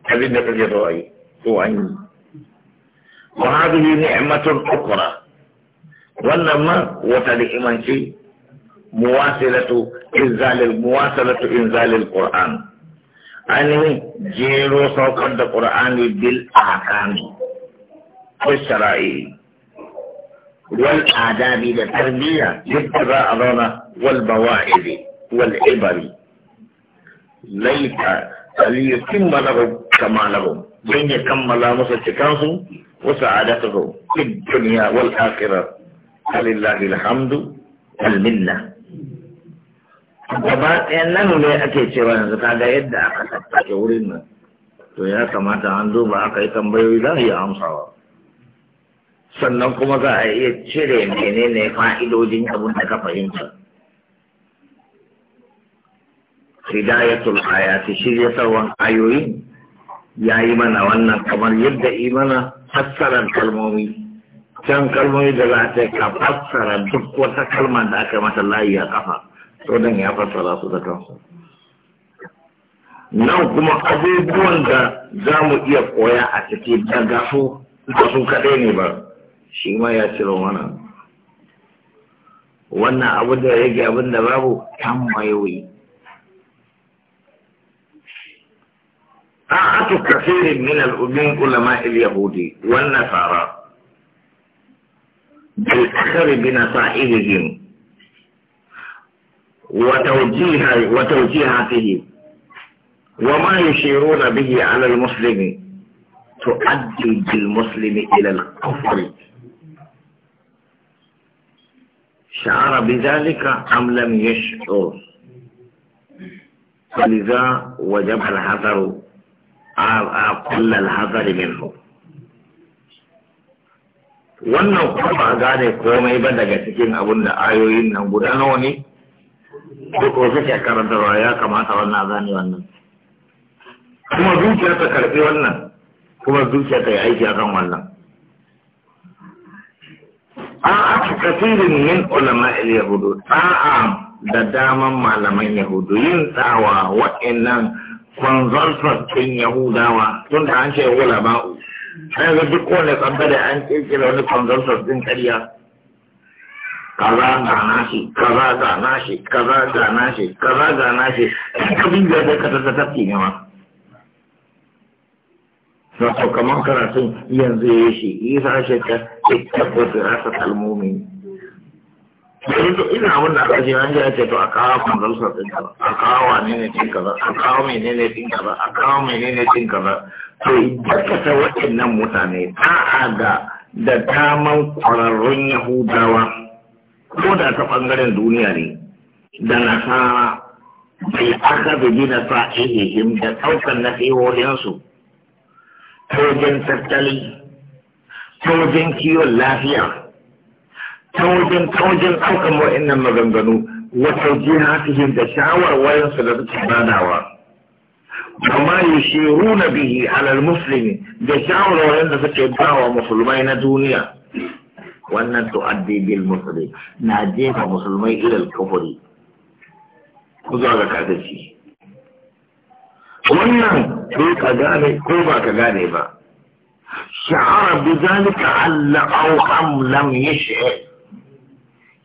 هذه نتجد رأي وعين wa hadhihi ni'matun ukhra wannan ma wata da imanci muwasilatu inzalil muwasilatu inzalil qur'an ainihin jero saukar da qur'ani bil ahkami ko shara'i wal adabi da tarbiyya yadda za a zauna wal bawa'idi wal ibari laita aliyutimma lahum kama don ya kammala masa cikansu wasu adatuhu fi duniya wal akhirah alillahi alhamdu wal minna gaba ɗayan nan ne ake cewa yanzu kaga yadda aka tattake wurin nan to ya kamata an duba aka yi tambayoyi za a iya amsawa sannan kuma za a iya cire menene fa'idodin abin da ka fahimta hidayatul ayati shiryatarwan ayoyin ya yi mana wannan kamar yadda mana fassarar kalmomi can kalmomi da za ta ka fassara duk wata kalma da aka mata layi a kafa to dan ya fassara su da kansu nan kuma abubuwan da za mu iya koya a ciki daga su da su kaɗai ne ba shi ma ya ciro mana wannan abu da ya abin da babu kan mayoyi قراءة كثير من الامين علماء اليهود والنصارى بالأخر بنصائحهم وتوجيه وتوجيهاته وما يشيرون به على المسلم تؤدي بالمسلم إلى الكفر شعر بذلك أم لم يشعر فلذا وجب الحذر a kullal hazari minhu wannan kuma ba gane komai ba daga cikin abun da ayoyin nan guda nawa ne ko ko suke karantarwa ya kamata wannan gane wannan kuma zuciya ta karfe wannan kuma zuciya ta yi aiki akan wannan a kasirin min ulama yahudu a'a da daman malaman yahudu yin tsawa wa'annan consultant ɗin Yahudawa tun da an ce wula ba'u. Sai ga duk kowane da an kirkira wani consultant ɗin ƙarya. Kaza ga nashi, kaza ga nashi, kaza ga nashi, kaza ga nashi, ɗan kabin da ya ka tafi ne ma. Na kamar karatun yanzu ya yi shi, yi sa shi ta ita ko su rasa kalmomi. yanzu ina wanda aka je an ya ce to a kawo kwanzalsa din kaza a kawo wane ne din kaza a kawo mene ne din kaza a kawo mene ne din kaza to dakata waɗannan mutane ta'a ga da taman kwararrun yahudawa ko da ta ɓangaren duniya ne da nasara bai aka bigi na sa'ihihim da ɗaukar nasihohinsu ta wajen tattali ta wajen kiwon lafiya توجن توجن أوكم وإنما غنغنو وتوجيهاتهم تشاور وينصل تحباناوا وما يشيرون به على المسلم تشاور وينصل تحباناوا مسلمين دنيا وأن تؤدي بالمسلم نعجيك مسلمين إلى الكفر خذوا هذا كعدسي wannan ko ka gane ko ba ka gane ba sha'ara bi zalika alla aw am lam yash'a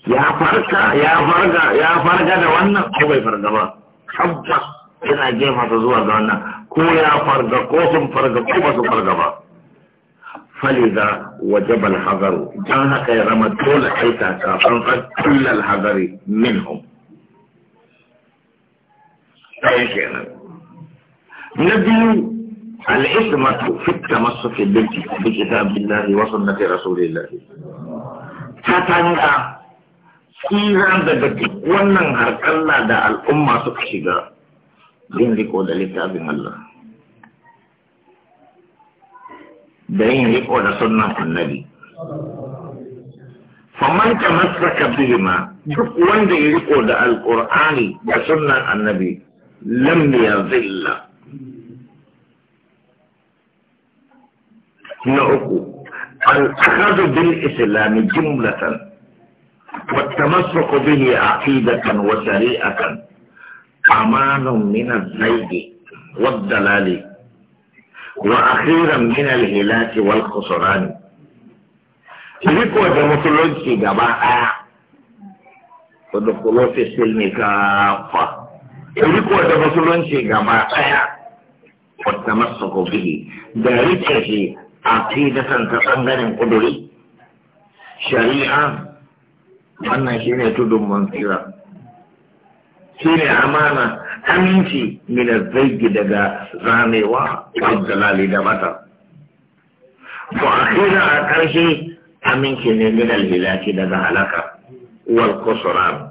يا فرقة يا فرقة يا فرقة ده وانا هو يفرقة ما حبة هنا جيم هتزوى قالنا كو يا فرقة قوسم فرقة كو بس فرقة ما فلذا وجب الحذر جانا كي رمد طول حيثا كافرنا كل الحذر منهم نبي العصمة في التمسك بالكتاب بكتاب الله وسنة رسول الله فتنقى tsiran daga duk wannan harkalla da al'umma suka shiga yin riko da littafin Allah da yin riko da sunan annabi faman ka masaka bihima duk wanda ya riko da alqur'ani da sunan annabi lam zilla. na uku al bin bil islam jumlatan والتمسك به عقيدة وشريعة أمان من الزيد والدلال وأخيرا من الهلاك والخسران riko da musulunci gaba ɗaya wadda kulo fi silmi kafa riko musulunci gaba ɗaya wadda masu kofi da rike a fi da ta ɓangaren shari'a wannan shi ne tudun mansira shi ne amana aminci mina zaigi daga zamewa abdullali da mata ko a kira a ƙarshe aminci ne min alhilaci daga halaka wal kusuran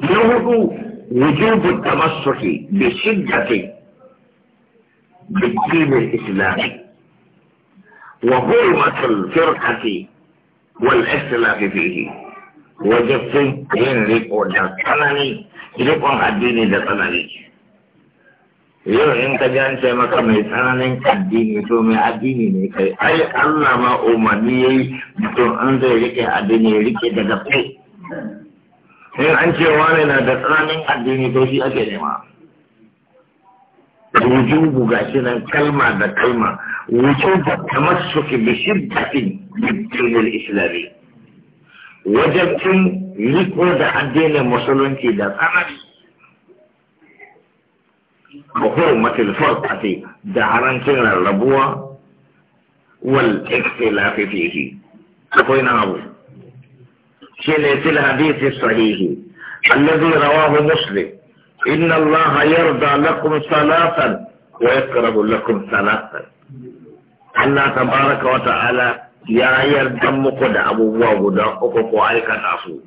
na hudu wujubu tamassuki bi shiddati bi dinin islami wa hurmatul firqati والاختلاف فيه وجبت ينرق ودقنني rikon addini da tsanani yau in ka ji an ce maka mai tsananin addini to mai addini ne kai ai Allah ma umarni yayi mutum an zai rike addini ya rike da gaske in an ce wani na da tsananin addini to shi ake nema buga gashi nan kalma da kalma وجوب التمسك بشدة بالدين الإسلامي وجبتم لكود دين المسلم كده فقط بحرمة الفرقة دعران كنا الربوة والاختلاف فيه أقول أبو شيء في الحديث الصحيح الذي رواه مسلم إن الله يرضى لكم ثلاثا ويكره لكم ثلاثا Allah tabaraka wa ta'ala ya yarda muku da abubuwa guda uku ko aikata su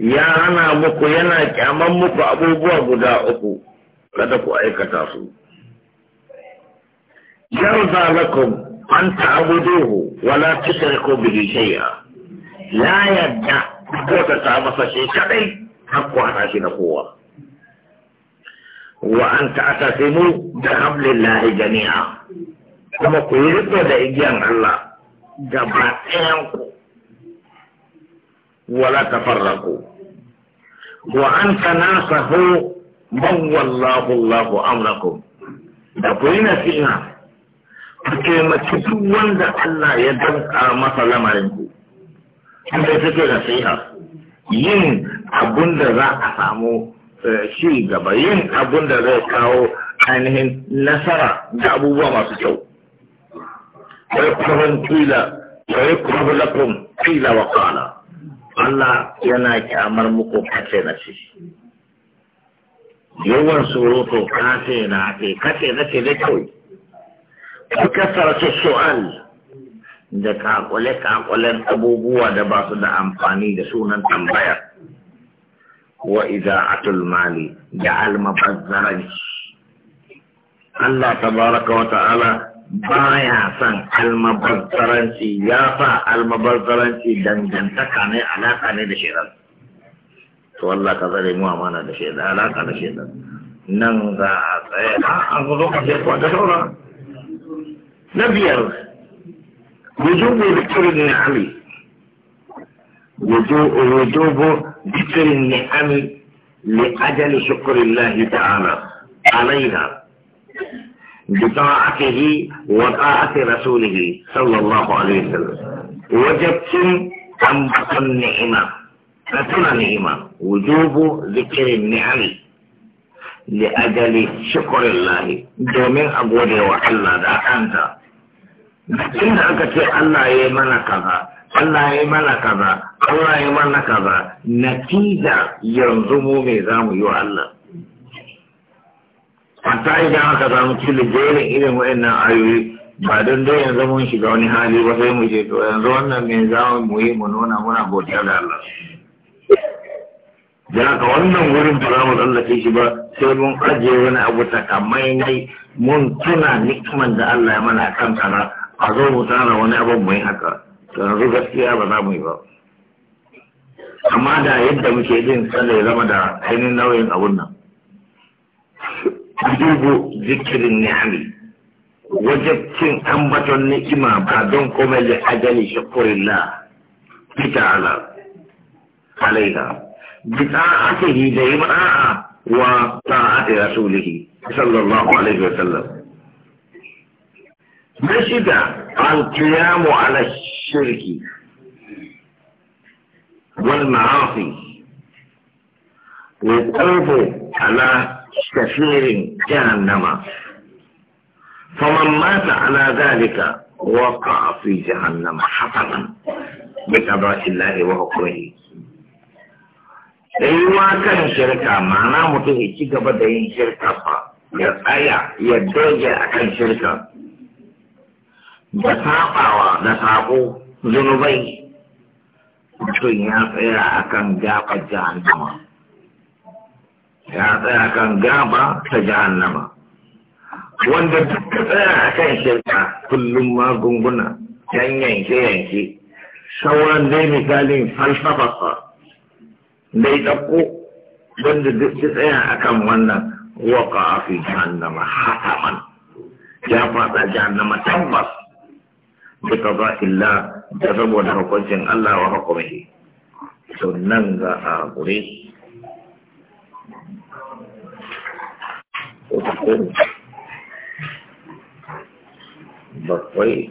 ya hana muku yana kyaman muku abubuwa guda uku kada ku aikata su yarda lakum an ta'buduhu wa la tushriku bihi shay'a la yadda ko ta masa shi kadai hakku hana shi da kowa وأن تعتصموا jami'a kuma ku yi قلت da igiyan Allah gaba ɗayanku wala tafarraku wa an tanasahu man wallahu Allahu amrakum da ku yi nasiha ku taimaki duk wanda Allah ya danka masa lamarinku ku inda take nasiha yin abun da za a samu Eh, ci gaba yin abun da zai kawo ainihin nasara da abubuwa masu kyau Kwai قيل ويكره لكم wa kwana. Allah yana kyamar muku kace na ce yawan surutu kace na ake kace na ce da kawai ku su su'al da kakule kakulen abubuwa da ba su da amfani da sunan tambayar. وإذاعة المال جعل مبذرا الله تبارك وتعالى بايا سان المبذرا يا فا المبذرا دن دن تكاني على كاني دشيران تو الله كذل مو أمانة دشيران على كاني دشيران ننزا أتايا أنقضوا قصير قوات شورا نبيل وجوب الكرن علي وجوب وجوب ذكر النعم لأجل شكر الله تعالى علينا بطاعته وطاعة رسوله صلى الله عليه وسلم وجبت أنبت النعمة فتنا نعمة وجوب ذكر النعم لأجل شكر الله دومين أبوه وحلا دا أنت إن أكتب الله يمنى كذا Allah ya mana kaza Allah ya mana kaza natija yanzu mu me za mu yi wa Allah hatta idan aka samu cikin jerin irin wa'annan ayoyi ba don dai yanzu mun shiga wani hali ba sai mu je to yanzu wannan me za mu yi mu nuna muna godiya da Allah da haka wannan wurin ba za mu tsallake shi ba sai mun ajiye wani abu takamaimai mun tuna nikman da Allah ya mana kan kana a zo mu tsara wani abu mu yi haka to yanzu gaskiya ba za mu yi ba amma da yadda muke jin kada ya zama da ainihin nauyin abun nan dubu zikirin ni'ami wajabcin ambaton ni'ima ba don komai da ajali la. fita ala alaiha bita'atihi da yi a wa ta'ati rasulihi sallallahu alaihi wa sallam نشد القيام على الشرك والمعاصي والقلب على كثير جهنم فمن مات على ذلك وقع في جهنم حسنا بقضاء الله وحكمه أيوة كان شركا معناه متهيئة قبل شركة يا آية، يا دوجة كان شركة da saɓawa da sako, zunubai mutum ya tsaya a kan gaba jahannama ya tsaya a kan gaba ta jahannama wanda duk ka tsaya a kan shirka kullum magunguna yan yanke yanke sauran dai misalin falsafarsa dai ɗauko wanda duk ki tsaya a kan wannan waka a fi jahannama hataman ya fata jahannama tabbas bikaba illa da saboda hukuncin Allah wa hukumai sunan za a ko ta ba kwai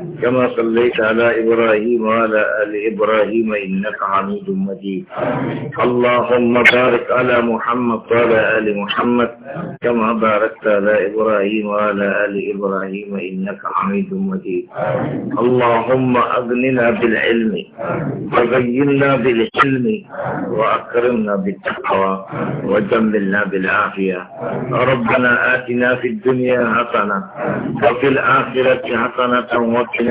كما صليت على إبراهيم وعلى آل إبراهيم إنك حميد مجيد اللهم بارك على محمد وعلى آل محمد كما باركت على إبراهيم وعلى آل إبراهيم إنك حميد مجيد اللهم أغننا بالعلم وزيننا بالحلم وأكرمنا بالتقوى وجملنا بالعافية ربنا آتنا في الدنيا حسنة وفي الآخرة حسنة وقنا